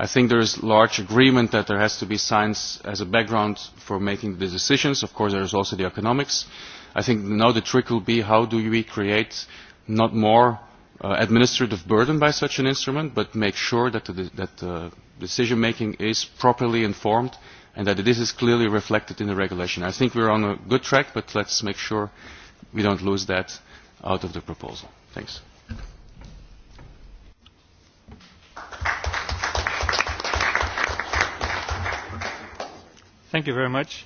I think there is large agreement that there has to be science as a background for making the decisions. Of course, there is also the economics. I think now the trick will be how do we create not more administrative burden by such an instrument, but make sure that the decision-making is properly informed and that this is clearly reflected in the regulation. I think we're on a good track, but let's make sure we don't lose that out of the proposal. Thanks. Thank you very much.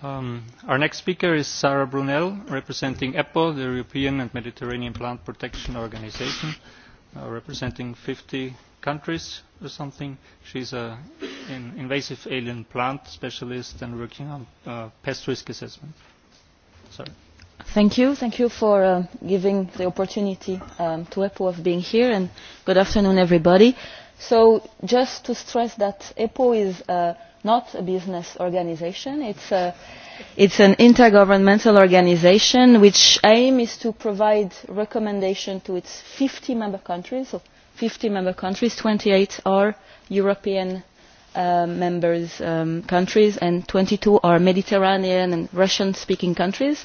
Our next speaker is Sarah Brunel, representing EPPO, the European and Mediterranean Plant Protection Organization, representing 50 countries or something. She's an invasive alien plant specialist and working on pest risk assessment. Sorry. Thank you. Thank you for giving the opportunity to EPO of being here, and good afternoon, everybody. So just to stress that EPO is not a business organization. it's an intergovernmental organisation which aim is to provide recommendation to its 50 member countries, so 50 member countries, 28 are European members countries and 22 are Mediterranean and Russian-speaking countries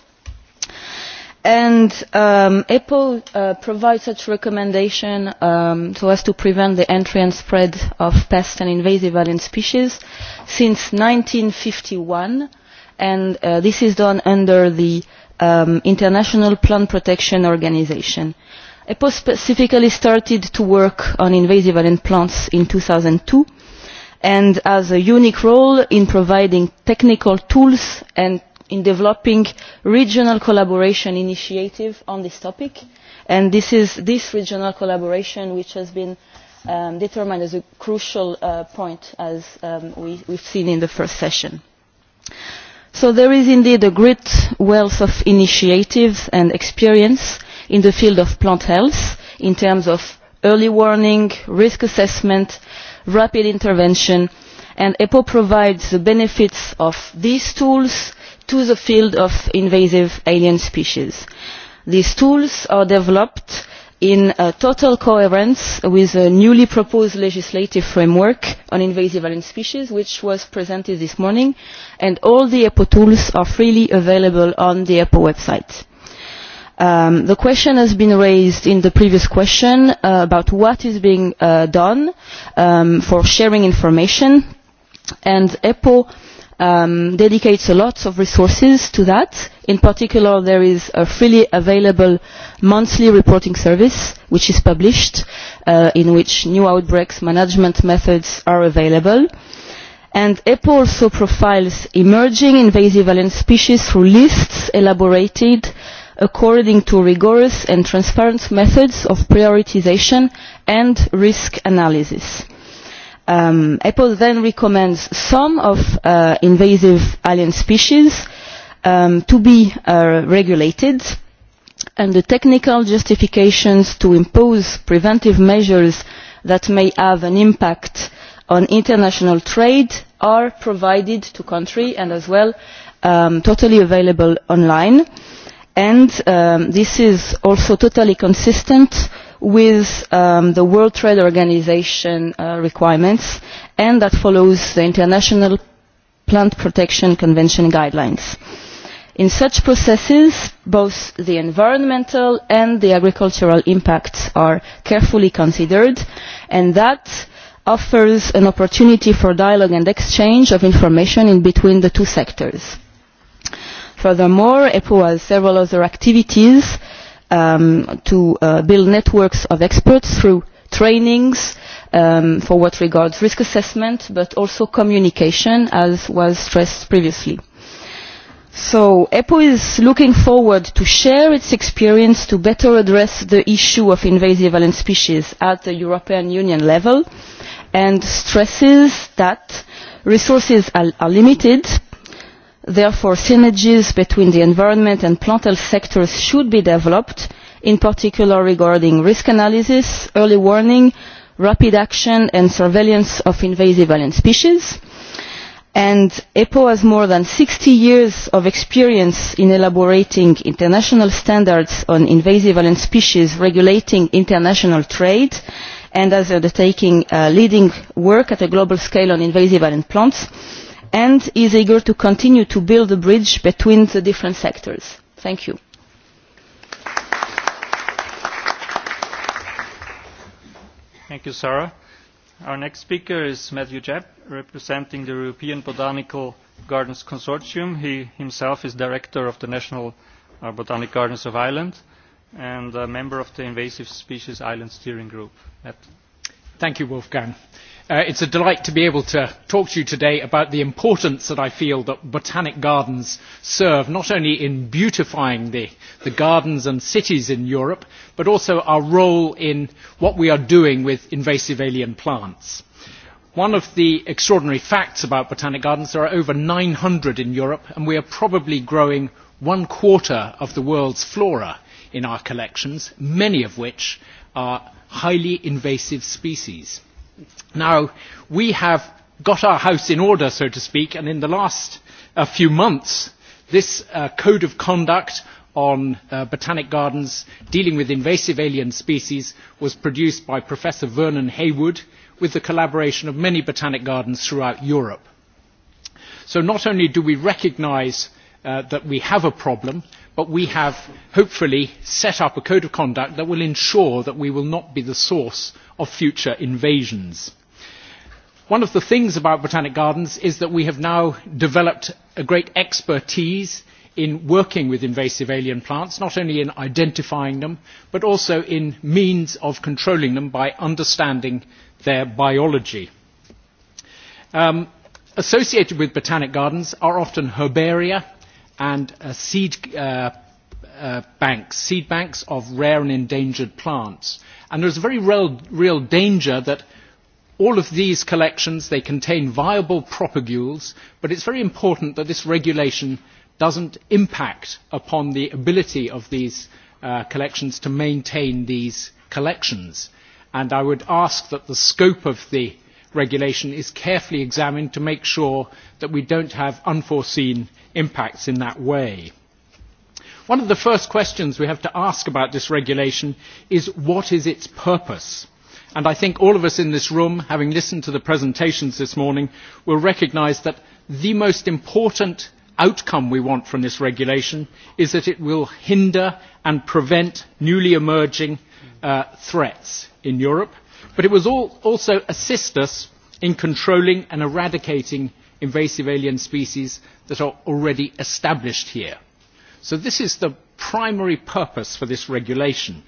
and apple provides such recommendation so as to prevent the entry and spread of pest and invasive alien species since 1951 and this is done under the international plant protection organization EPO specifically started to work on invasive alien plants in 2002 and has a unique role in providing technical tools and in developing regional collaboration initiative on this topic and this is this regional collaboration which has been determined as a crucial point as we we've seen in the first session so there is indeed a great wealth of initiatives and experience in the field of plant health in terms of early warning risk assessment rapid intervention and EPO provides the benefits of these tools to the field of invasive alien species. These tools are developed in total coherence with a newly proposed legislative framework on invasive alien species, which was presented this morning, and all the EPO tools are freely available on the EPO website. The question has been raised in the previous question about what is being done for sharing information, and EPO dedicates a lot of resources to that. In particular, there is a freely available monthly reporting service which is published, in which new outbreaks management methods are available. And EPO also profiles emerging invasive alien species through lists elaborated according to rigorous and transparent methods of prioritization and risk analysis. EPO then recommends some of invasive alien species to be regulated and the technical justifications to impose preventive measures that may have an impact on international trade are provided to country and as well totally available online and this is also totally consistent with the World Trade Organization requirements and that follows the International Plant Protection Convention guidelines. In such processes, both the environmental and the agricultural impacts are carefully considered and that offers an opportunity for dialogue and exchange of information in between the two sectors. Furthermore, EPO has several other activities to build networks of experts through trainings for what regards risk assessment, but also communication, as was stressed previously. So EPO is looking forward to share its experience to better address the issue of invasive alien species at the European Union level and stresses that resources are limited Therefore, synergies between the environment and plant health sectors should be developed, in particular regarding risk analysis, early warning, rapid action and surveillance of invasive alien species. And EPO has more than 60 years of experience in elaborating international standards on invasive alien species regulating international trade and has undertaking leading work at a global scale on invasive alien plants and is eager to continue to build a bridge between the different sectors. Thank you. Thank you, Sarah. Our next speaker is Matthew Jepp, representing the European Botanical Gardens Consortium. He himself is director of the National Botanic Gardens of Ireland and a member of the Invasive Species Island Steering Group. Thank you, Wolfgang. It is a delight to be able to talk to you today about the importance that I feel that botanic gardens serve not only in beautifying the gardens and cities in Europe, but also our role in what we are doing with invasive alien plants. One of the extraordinary facts about botanic gardens, is that there are over 900 in Europe, and we are probably growing one quarter of the world's flora in our collections, many of which are highly invasive species. Now, we have got our house in order, so to speak, and in the last few months, this code of conduct on botanic gardens dealing with invasive alien species was produced by Professor Vernon Haywood with the collaboration of many botanic gardens throughout Europe. So not only do we recognise that we have a problem, but we have hopefully set up a code of conduct that will ensure that we will not be the source of future invasions. One of the things about Botanic Gardens is that we have now developed a great expertise in working with invasive alien plants, not only in identifying them, but also in means of controlling them by understanding their biology. Associated with Botanic Gardens are often herbaria and seed banks, seed banks of rare and endangered plants. And is a very real danger that all of these collections, they contain viable propagules, but it's very important that this regulation doesn't impact upon the ability of these collections to maintain these collections. And I would ask that the scope of the regulation is carefully examined to make sure that we do not have unforeseen impacts in that way. One of the first questions we have to ask about this regulation is what is its purpose? And I think all of us in this room, having listened to the presentations this morning, will recognise that the most important outcome we want from this regulation is that it will hinder and prevent newly emerging threats in Europe but it was also assist us in controlling and eradicating invasive alien species that are already established here. So this is the primary purpose for this regulation.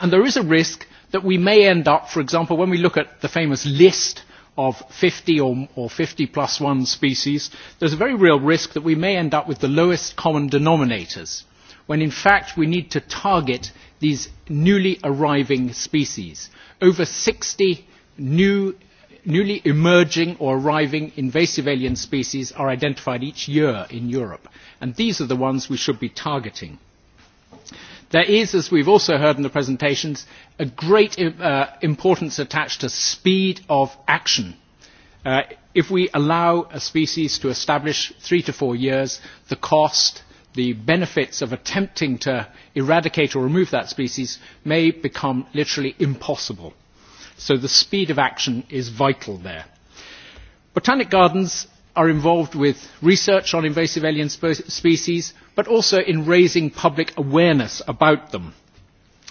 And there is a risk that we may end up, for example, when we look at the famous list of 50 or 50 plus one species, there's a very real risk that we may end up with the lowest common denominators when in fact we need to target these newly arriving species. Over 60 newly emerging or arriving invasive alien species are identified each year in Europe, and these are the ones we should be targeting. There is, as we've also heard in the presentations, a great importance attached to speed of action. If we allow a species to establish three to four years, the cost the benefits of attempting to eradicate or remove that species may become literally impossible. So the speed of action is vital there. Botanic gardens are involved with research on invasive alien species, but also in raising public awareness about them.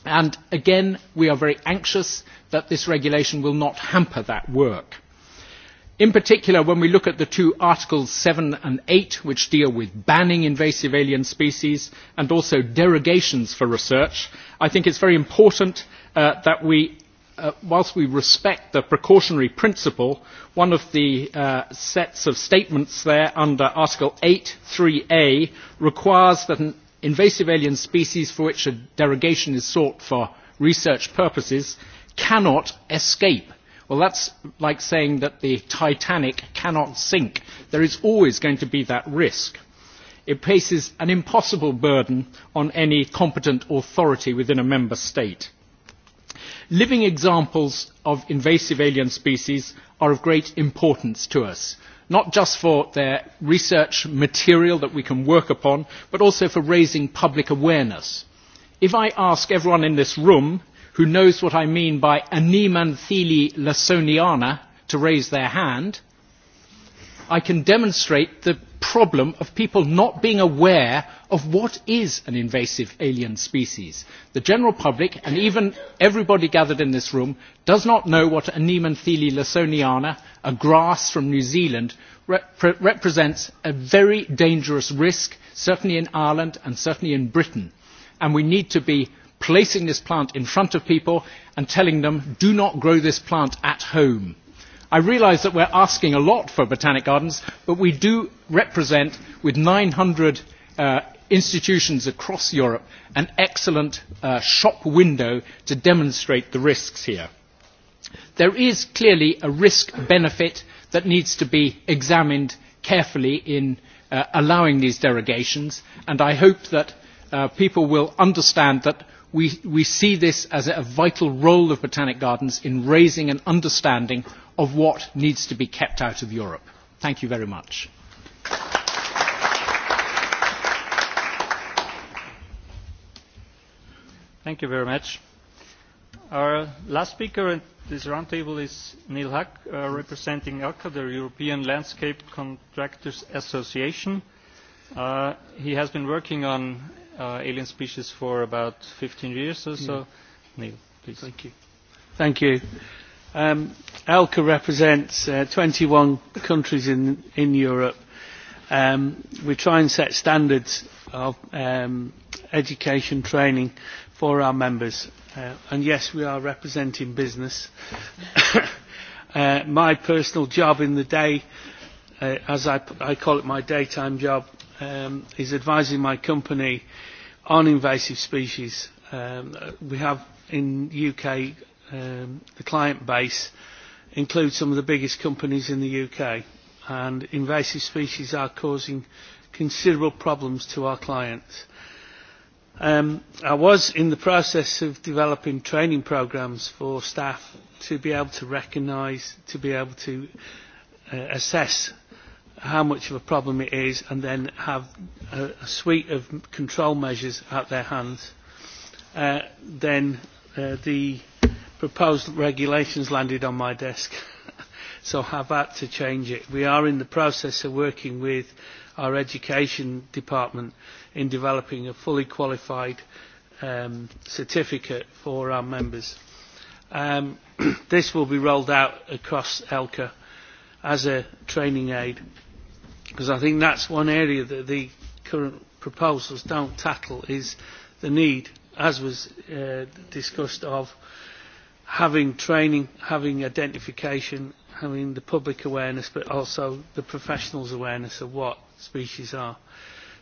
And again, we are very anxious that this regulation will not hamper that work in particular when we look at the two articles 7 and 8 which deal with banning invasive alien species and also derogations for research i think it's very important that we whilst we respect the precautionary principle one of the sets of statements there under article 8 3a requires that an invasive alien species for which a derogation is sought for research purposes cannot escape Well, that's like saying that the Titanic cannot sink. There is always going to be that risk. It places an impossible burden on any competent authority within a member state. Living examples of invasive alien species are of great importance to us, not just for their research material that we can work upon, but also for raising public awareness. If I ask everyone in this room who knows what I mean by anemantheli lasoniana to raise their hand, I can demonstrate the problem of people not being aware of what is an invasive alien species. The general public and even everybody gathered in this room does not know what Anemanthele lasoniana, a grass from New Zealand, represents a very dangerous risk, certainly in Ireland and certainly in Britain. And we need to be placing this plant in front of people and telling them do not grow this plant at home. I realise that we're asking a lot for botanic gardens, but we do represent, with 900 institutions across Europe, an excellent shop window to demonstrate the risks here. There is clearly a risk-benefit that needs to be examined carefully in allowing these derogations, and I hope that people will understand that we see this as a vital role of botanic gardens in raising an understanding of what needs to be kept out of Europe. Thank you very much. Thank you very much. Our last speaker at this roundtable is Neil Huck, representing ELCA, the European Landscape Contractors Association. He has been working on alien species for about 15 years or so. Neil, please. Thank you. Thank you. Um, ALCA represents 21 countries in, in Europe. Um, we try and set standards of um, education training for our members. and yes, we are representing business. my personal job in the day, as I, I call it my daytime job, um, is advising my company on invasive species. We have in the UK the client base includes some of the biggest companies in the UK and invasive species are causing considerable problems to our clients. I was in the process of developing training programmes for staff to be able to recognise, to be able to assess how much of a problem it is and then have a suite of control measures at their hands, then the proposed regulations landed on my desk, so I have had to change it. We are in the process of working with our education department in developing a fully qualified certificate for our members. This will be rolled out across ELCA as a training aid because I think that's one area that the current proposals don't tackle is the need, as was discussed, of having training, having identification, having the public awareness, but also the professionals' awareness of what species are.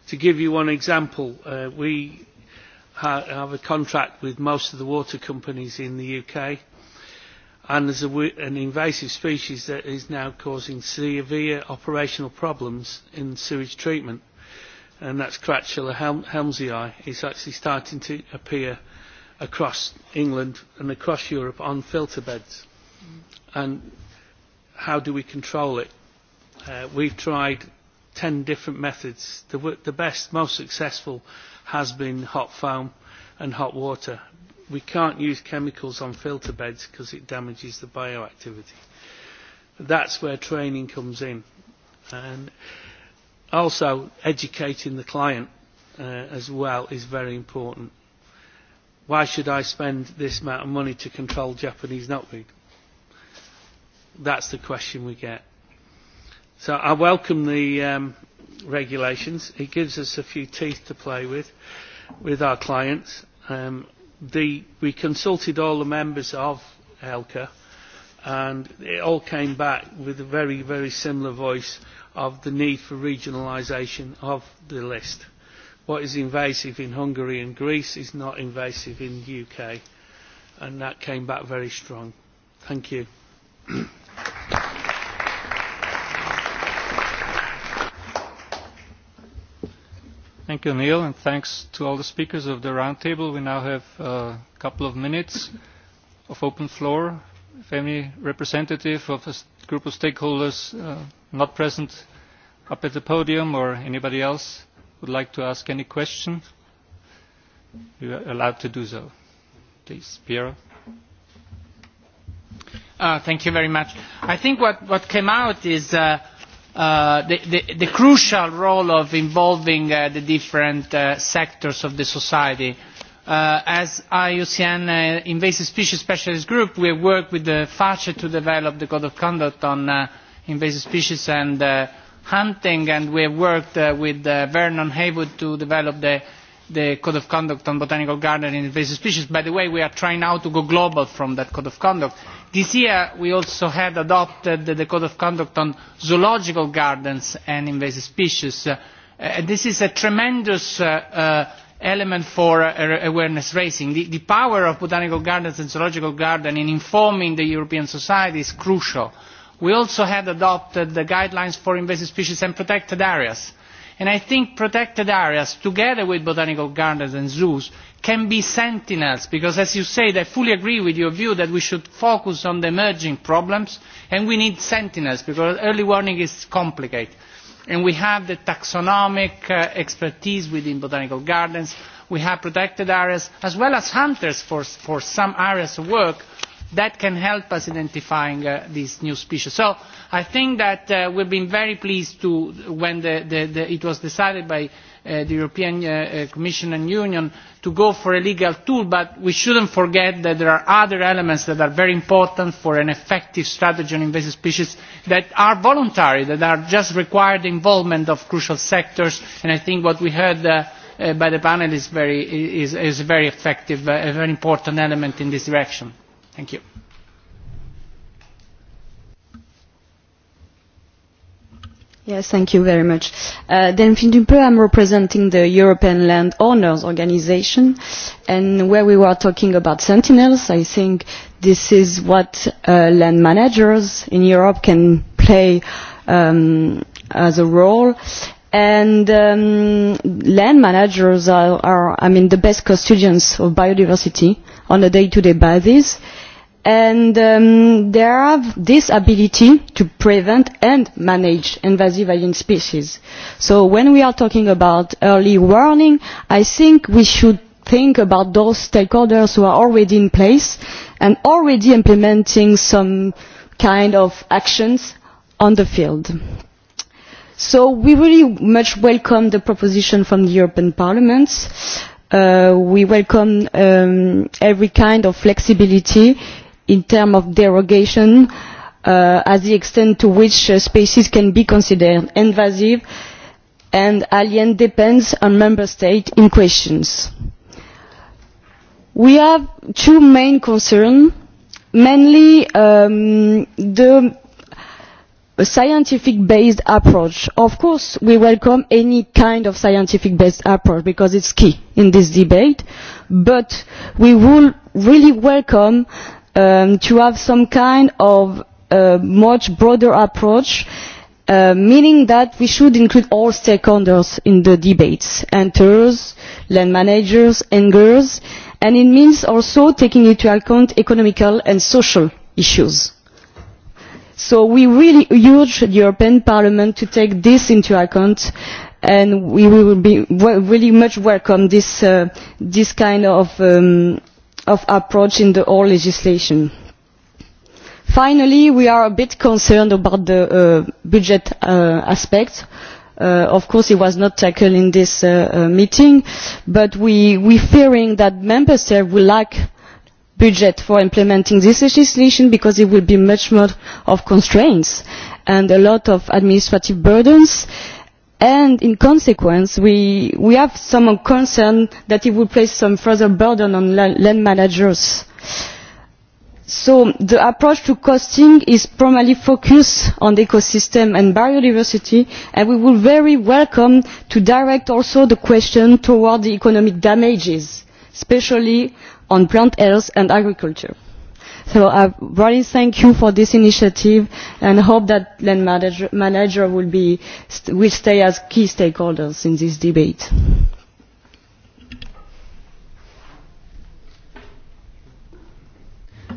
To give you one example, we have a contract with most of the water companies in the UK and is an invasive species that is now causing severe operational problems in sewage treatment, and that's Cratchula helmsii. It's actually starting to appear across England and across Europe on filter beds. And how do we control it? We've tried 10 different methods. The best, most successful has been hot foam and hot water we can't use chemicals on filter beds because it damages the bioactivity. That's where training comes in. And also educating the client as well is very important. Why should I spend this amount of money to control Japanese knotweed? That's the question we get. So I welcome the regulations. It gives us a few teeth to play with, with our clients. Um, We consulted all the members of ELCA and it all came back with a very, very similar voice of the need for regionalisation of the list. What is invasive in Hungary and Greece is not invasive in the UK and that came back very strong. Thank you. Thank you, Neil, and thanks to all the speakers of the roundtable. We now have a couple of minutes of open floor. If any representative of a group of stakeholders not present up at the podium or anybody else would like to ask any question, you are allowed to do so. Please, Piero. Thank you very much. I think what came out is the crucial role of involving the different sectors of the society. As IUCN Invasive Species Specialist Group, we have worked with the FACE to develop the code of conduct on invasive species and hunting, and we have worked with Vernon Haywood to develop the code of conduct on botanical Garden and invasive species. By the way, we are trying now to go global from that code of conduct. This year we also had adopted the Code of Conduct on Zoological Gardens and Invasive Species. This is a tremendous element for awareness raising. The power of botanical gardens and zoological gardens in informing the European society is crucial. We also had adopted the guidelines for invasive species and protected areas And I think protected areas, together with botanical gardens and zoos, can be sentinels, because as you said, I fully agree with your view that we should focus on the emerging problems, and we need sentinels, because early warning is complicated. And we have the taxonomic expertise within botanical gardens, we have protected areas, as well as hunters for some areas of work that can help us identifying these new species. So I think that we've been very pleased when it was decided by the European Commission and Union to go for a legal tool, but we shouldn't forget that there are other elements that are very important for an effective strategy on invasive species that are voluntary, that are just the involvement of crucial sectors, and I think what we heard by the panel is a very effective, a very important element in this direction. Thank you. Yes, thank you very much. Delphine I I'm representing the European Land Owners Organisation, and where we were talking about sentinels, I think this is what land managers in Europe can play as a role. And land managers are, I mean, the best custodians of biodiversity on a day-to-day basis and they have this ability to prevent and manage invasive alien species. So when we are talking about early warning, I think we should think about those stakeholders who are already in place and already implementing some kind of actions on the field. So we really much welcome the proposition from the European Parliament. We welcome every kind of flexibility in terms of derogation as the extent to which species can be considered invasive and alien depends on member state in questions. We have two main concerns, mainly the scientific-based approach. Of course, we welcome any kind of scientific-based approach because it's key in this debate, but we will really welcome to have some kind of much broader approach meaning that we should include all stakeholders in the debates enters land managers girls, and it means also taking into account economical and social issues. so we really urge the european parliament to take this into account and we will be really much welcome this kind of of approach in the whole legislation. Finally, we are a bit concerned about the budget aspect. Of course, it was not tackled in this meeting, but we are fearing that member states will lack budget for implementing this legislation because it will be much more of constraints and a lot of administrative burdens and in consequence we have some concern that it will place some further burden on land managers. so the approach to costing is primarily focused on the ecosystem and biodiversity and we would very welcome to direct also the question towards the economic damages especially on plant health and agriculture. So I really thank you for this initiative and hope that land manager will be will stay as key stakeholders in this debate.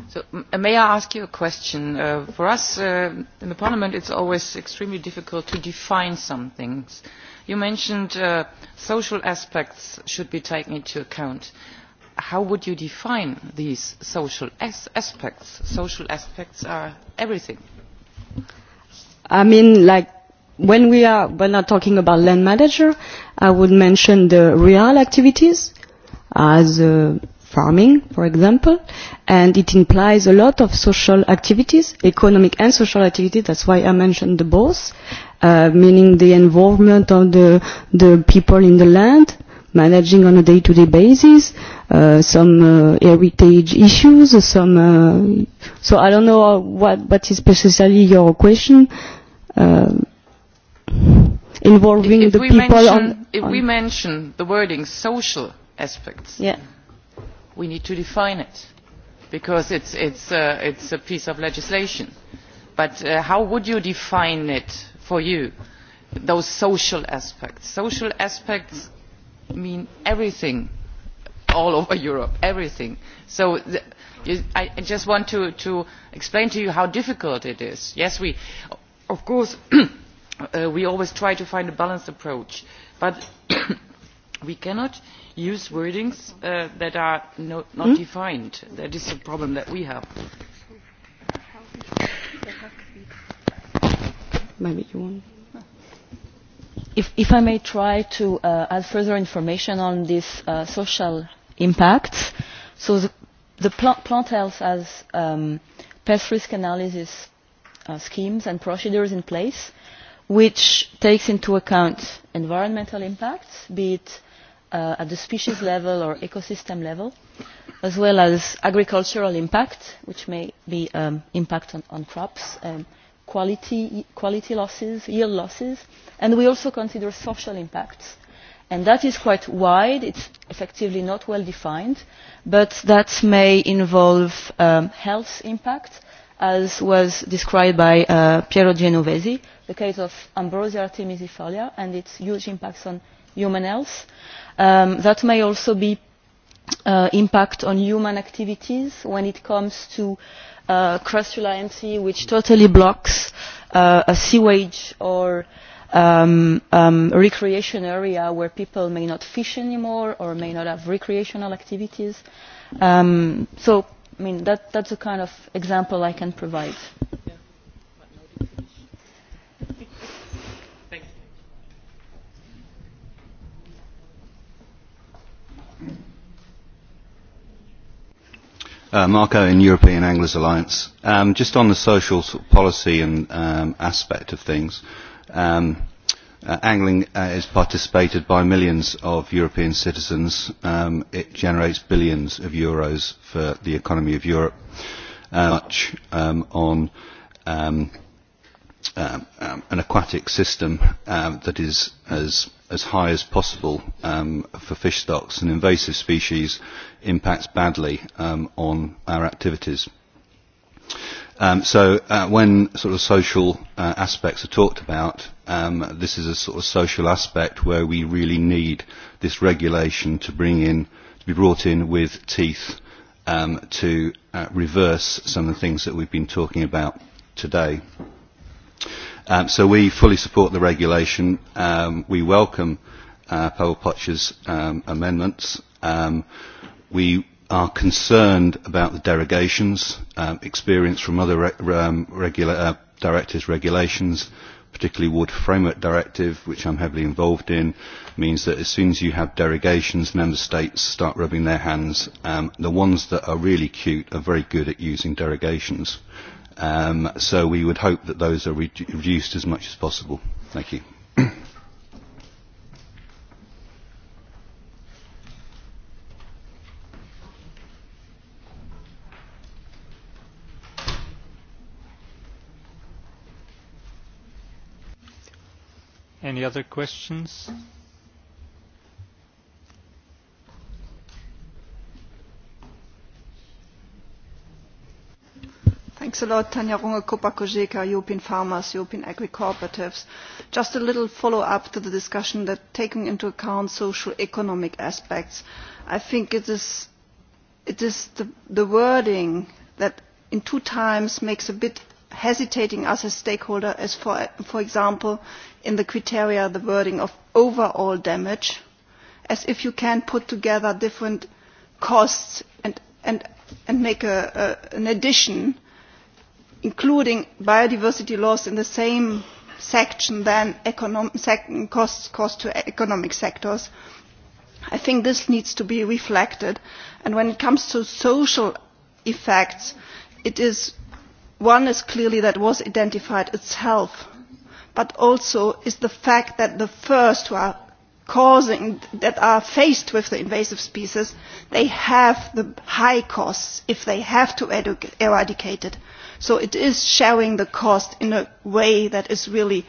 So may I ask you a question? For us in the Parliament, it's always extremely difficult to define some things. You mentioned social aspects should be taken into account how would you define these social aspects? Social aspects are everything. I mean, like, when we are when not talking about land manager, I would mention the real activities, as farming, for example, and it implies a lot of social activities, economic and social activities. That's why I mentioned the both, meaning the involvement of the the people in the land managing on a day-to-day basis, some heritage issues, some. So I don't know what what is precisely your question involving the people on. If we mention the wording social aspects, yeah, we need to define it because it's it's it's a piece of legislation. But how would you define it for you? Those social aspects, social aspects mean everything all over Europe, everything. So I just want to explain to you how difficult it is. Yes, we, of course, we always try to find a balanced approach, but we cannot use wordings that are not defined. That is the problem that we have. If I may try to add further information on these social impact. so the plant health has pest risk analysis schemes and procedures in place, which takes into account environmental impacts, be it at the species level or ecosystem level, as well as agricultural impact, which may be impact on crops quality losses, yield losses, and we also consider social impacts. And that is quite wide, it's effectively not well defined, but that may involve health impact, as was described by Piero Genovesi, the case of Ambrosia artemisifolia and its huge impacts on human health. That may also be impact on human activities when it comes to cross reliancy which totally blocks a sewage or recreation area where people may not fish anymore or may not have recreational activities. So, I mean, that, that's a kind of example I can provide. Marco in European Anglers Alliance. Just on the social policy and aspect of things, angling is participated by millions of European citizens. It generates billions of euros for the economy of Europe. Much on an aquatic system that is as as high as possible for fish stocks, and invasive species impacts badly on our activities. So when sort of social aspects are talked about, this is a sort of social aspect where we really need this regulation to bring in, to be brought in with teeth to reverse some of the things that we've been talking about today. So we fully support the regulation. We welcome Pavel Potch's amendments. We are concerned about the derogations, experience from other directives, regulations, particularly Wood Framework Directive, which I'm heavily involved in, means that as soon as you have derogations, member states start rubbing their hands. The ones that are really cute are very good at using derogations. So we would hope that those are reduced as much as possible. Thank you. Any other questions? Thanks Runge, European Farmers, European Agri-Cooperatives. Just a little follow-up to the discussion that taking into account social economic aspects, I think it is the wording that in two times makes a bit hesitating us as stakeholder, as for example in the criteria the wording of overall damage, as if you can put together different costs and make an addition including biodiversity loss in the same section than costs cost to economic sectors. I think this needs to be reflected. And when it comes to social effects, it is one is clearly that was identified itself, but also is the fact that the first who are causing that are faced with the invasive species they have the high costs if they have to eradicate it so it is sharing the cost in a way that is really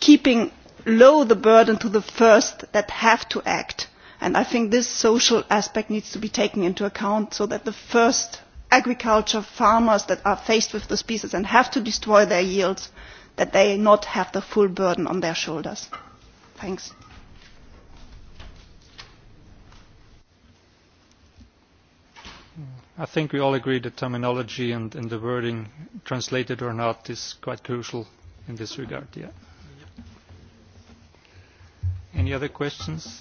keeping low the burden to the first that have to act and i think this social aspect needs to be taken into account so that the first agriculture farmers that are faced with the species and have to destroy their yields that they not have the full burden on their shoulders thanks I think we all agree that terminology and the wording, translated or not, is quite crucial in this regard. Any other questions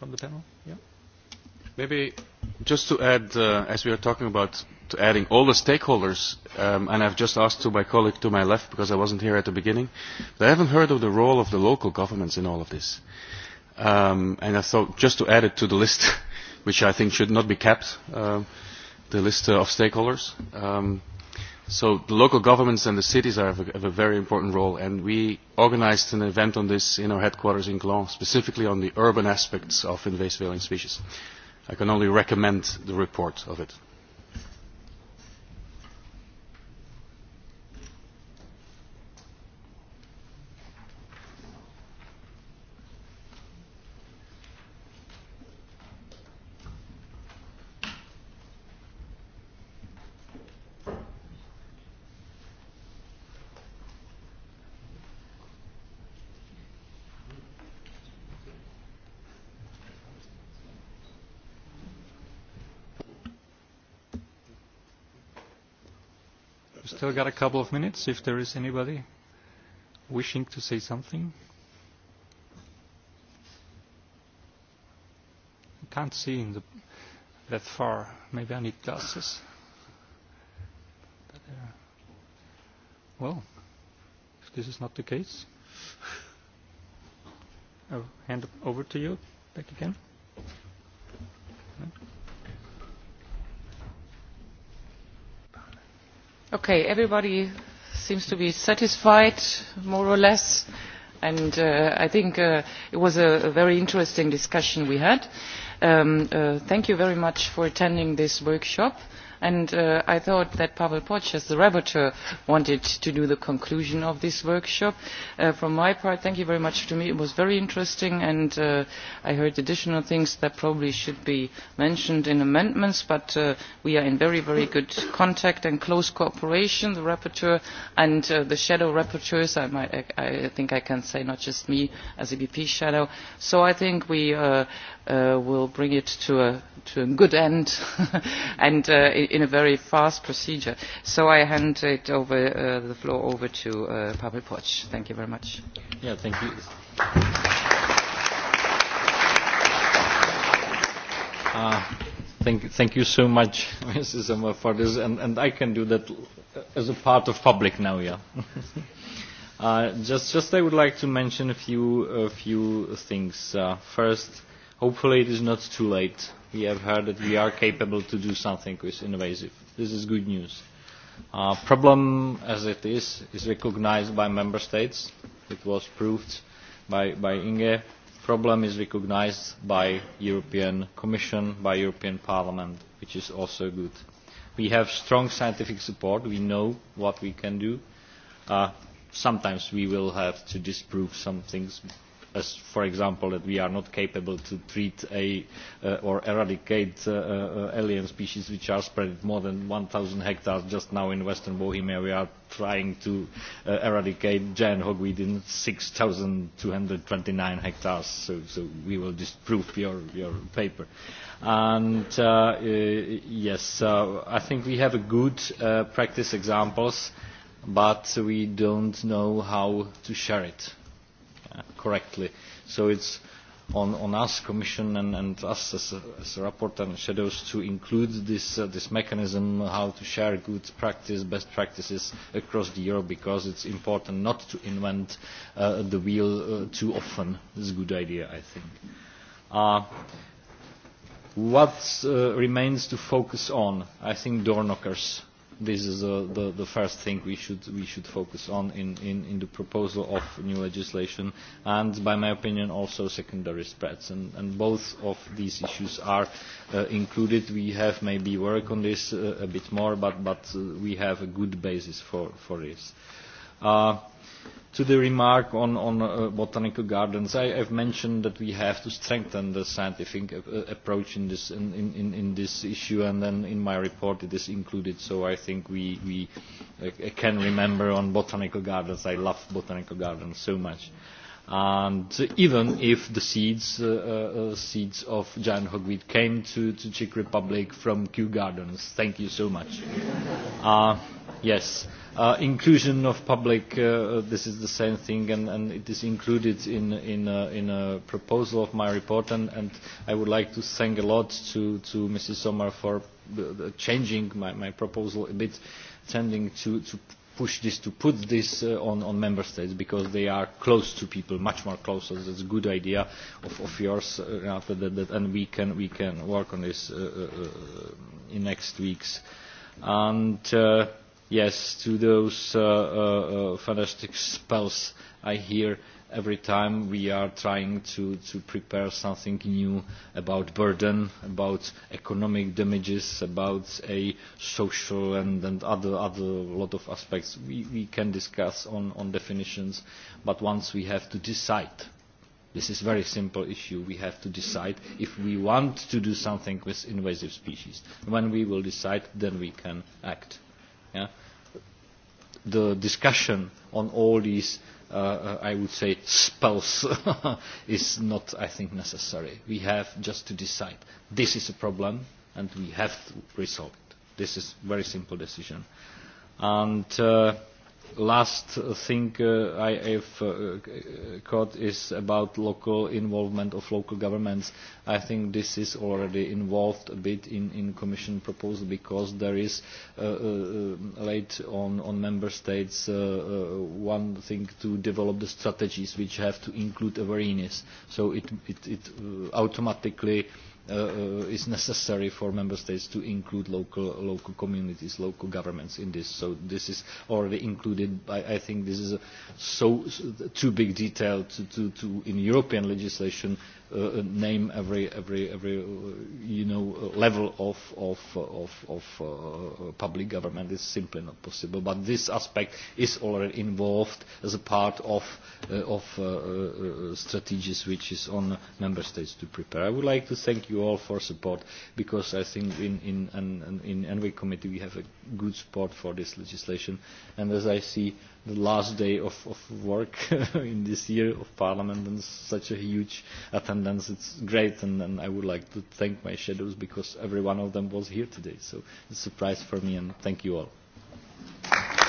from the panel? Maybe just to add, as we are talking about adding all the stakeholders, and I've just asked to my colleague to my left because I wasn't here at the beginning, but I haven't heard of the role of the local governments in all of this. And I thought just to add it to the list which I think should not be kept, the list of stakeholders. So the local governments and the cities have a very important role, and we organized an event on this in our headquarters in Gland, specifically on the urban aspects of invasive alien species. I can only recommend the report of it. got a couple of minutes if there is anybody wishing to say something. I can't see in the, that far. Maybe I need glasses. well, if this is not the case, I'll hand over to you back again. Okay, everybody seems to be satisfied, more or less, and I think it was a very interesting discussion we had. Thank you very much for attending this workshop and I thought that Pavel Poch, as the rapporteur, wanted to do the conclusion of this workshop. From my part, thank you very much to me. It was very interesting, and I heard additional things that probably should be mentioned in amendments, but we are in very, very good contact and close cooperation, the rapporteur and the shadow rapporteurs, I think I can say not just me as a BP shadow. So I think we will bring it to a good end and in a very fast procedure. So I hand it over the floor over to Pavel Poch. Thank you very much. thank you. Thank you so much, Mrs. Sommer, for this, and I can do that as a part of public now, yeah. Just I would like to mention a few things. First hopefully it is not too late. We have heard that we are capable to do something with invasive. This is good news. problem as it is is recognized by member states. It was proved by, by Inge. problem is recognised by European Commission, by European Parliament, which is also good. We have strong scientific support. We know what we can do. sometimes we will have to disprove some things as for example that we are not capable to treat or eradicate alien species which are spread more than 1000 hectares just now in western bohemia we are trying to eradicate giant hogweed in 6229 hectares so we will disprove your your paper and yes i think we have good practice examples but we don't know how to share it correctly. So it's on us, Commission, and us as a rapporteur and shadows to include this mechanism, how to share good practice, best practices across the Europe, because it's important not to invent the wheel too often. It's a good idea, I think. What remains to focus on? I think door knockers this is the first thing we should focus on in the proposal of new legislation and, by my opinion, also secondary spreads. And both of these issues are included. We have maybe work on this a bit more, but we have a good basis for this. To the remark on botanical gardens, I have mentioned that we have to strengthen the scientific approach in this issue, and then in my report it is included. So I think we can remember on botanical gardens. I love botanical gardens so much, and even if the seeds seeds of giant hogweed came to the Czech Republic from Kew Gardens, thank you so much. Yes. Inclusion of public, this is the same thing, and it is included in a proposal of my report. And I would like to thank a lot to Mrs. Sommer for changing my proposal a bit, tending to push this, to put this on member states because they are close to people, much more close. it's a good idea of yours, and we can we can work on this in next weeks. And yes to those fantastic spells I hear every time we are trying to prepare something new about burden, about economic damages, about a social and other other lot of aspects. We can discuss on definitions, but once we have to decide. This is a very simple issue. We have to decide if we want to do something with invasive species. When we will decide, then we can act the discussion on all these, I would say, spells is not, I think, necessary. We have just to decide this is a problem and we have to resolve it. This is a very simple decision. And last thing I have caught is about local involvement of local governments. I think this is already involved a bit in the Commission proposal because there is late on Member States one thing to develop the strategies which have to include awareness. So it automatically It is necessary for member states to include local communities local governments in this so this is already included i think this is so too big detail to in european legislation name every every every you know level of of of of public government is simply not possible but this aspect is already involved as a part of of strategies which is on member states to prepare i would like to thank you all for support because i think in in in every committee we have a good support for this legislation and as i see the last day of work in this year of Parliament and such a huge attendance. It's great and I would like to thank my shadows because every one of them was here today. So it's a surprise for me and thank you all.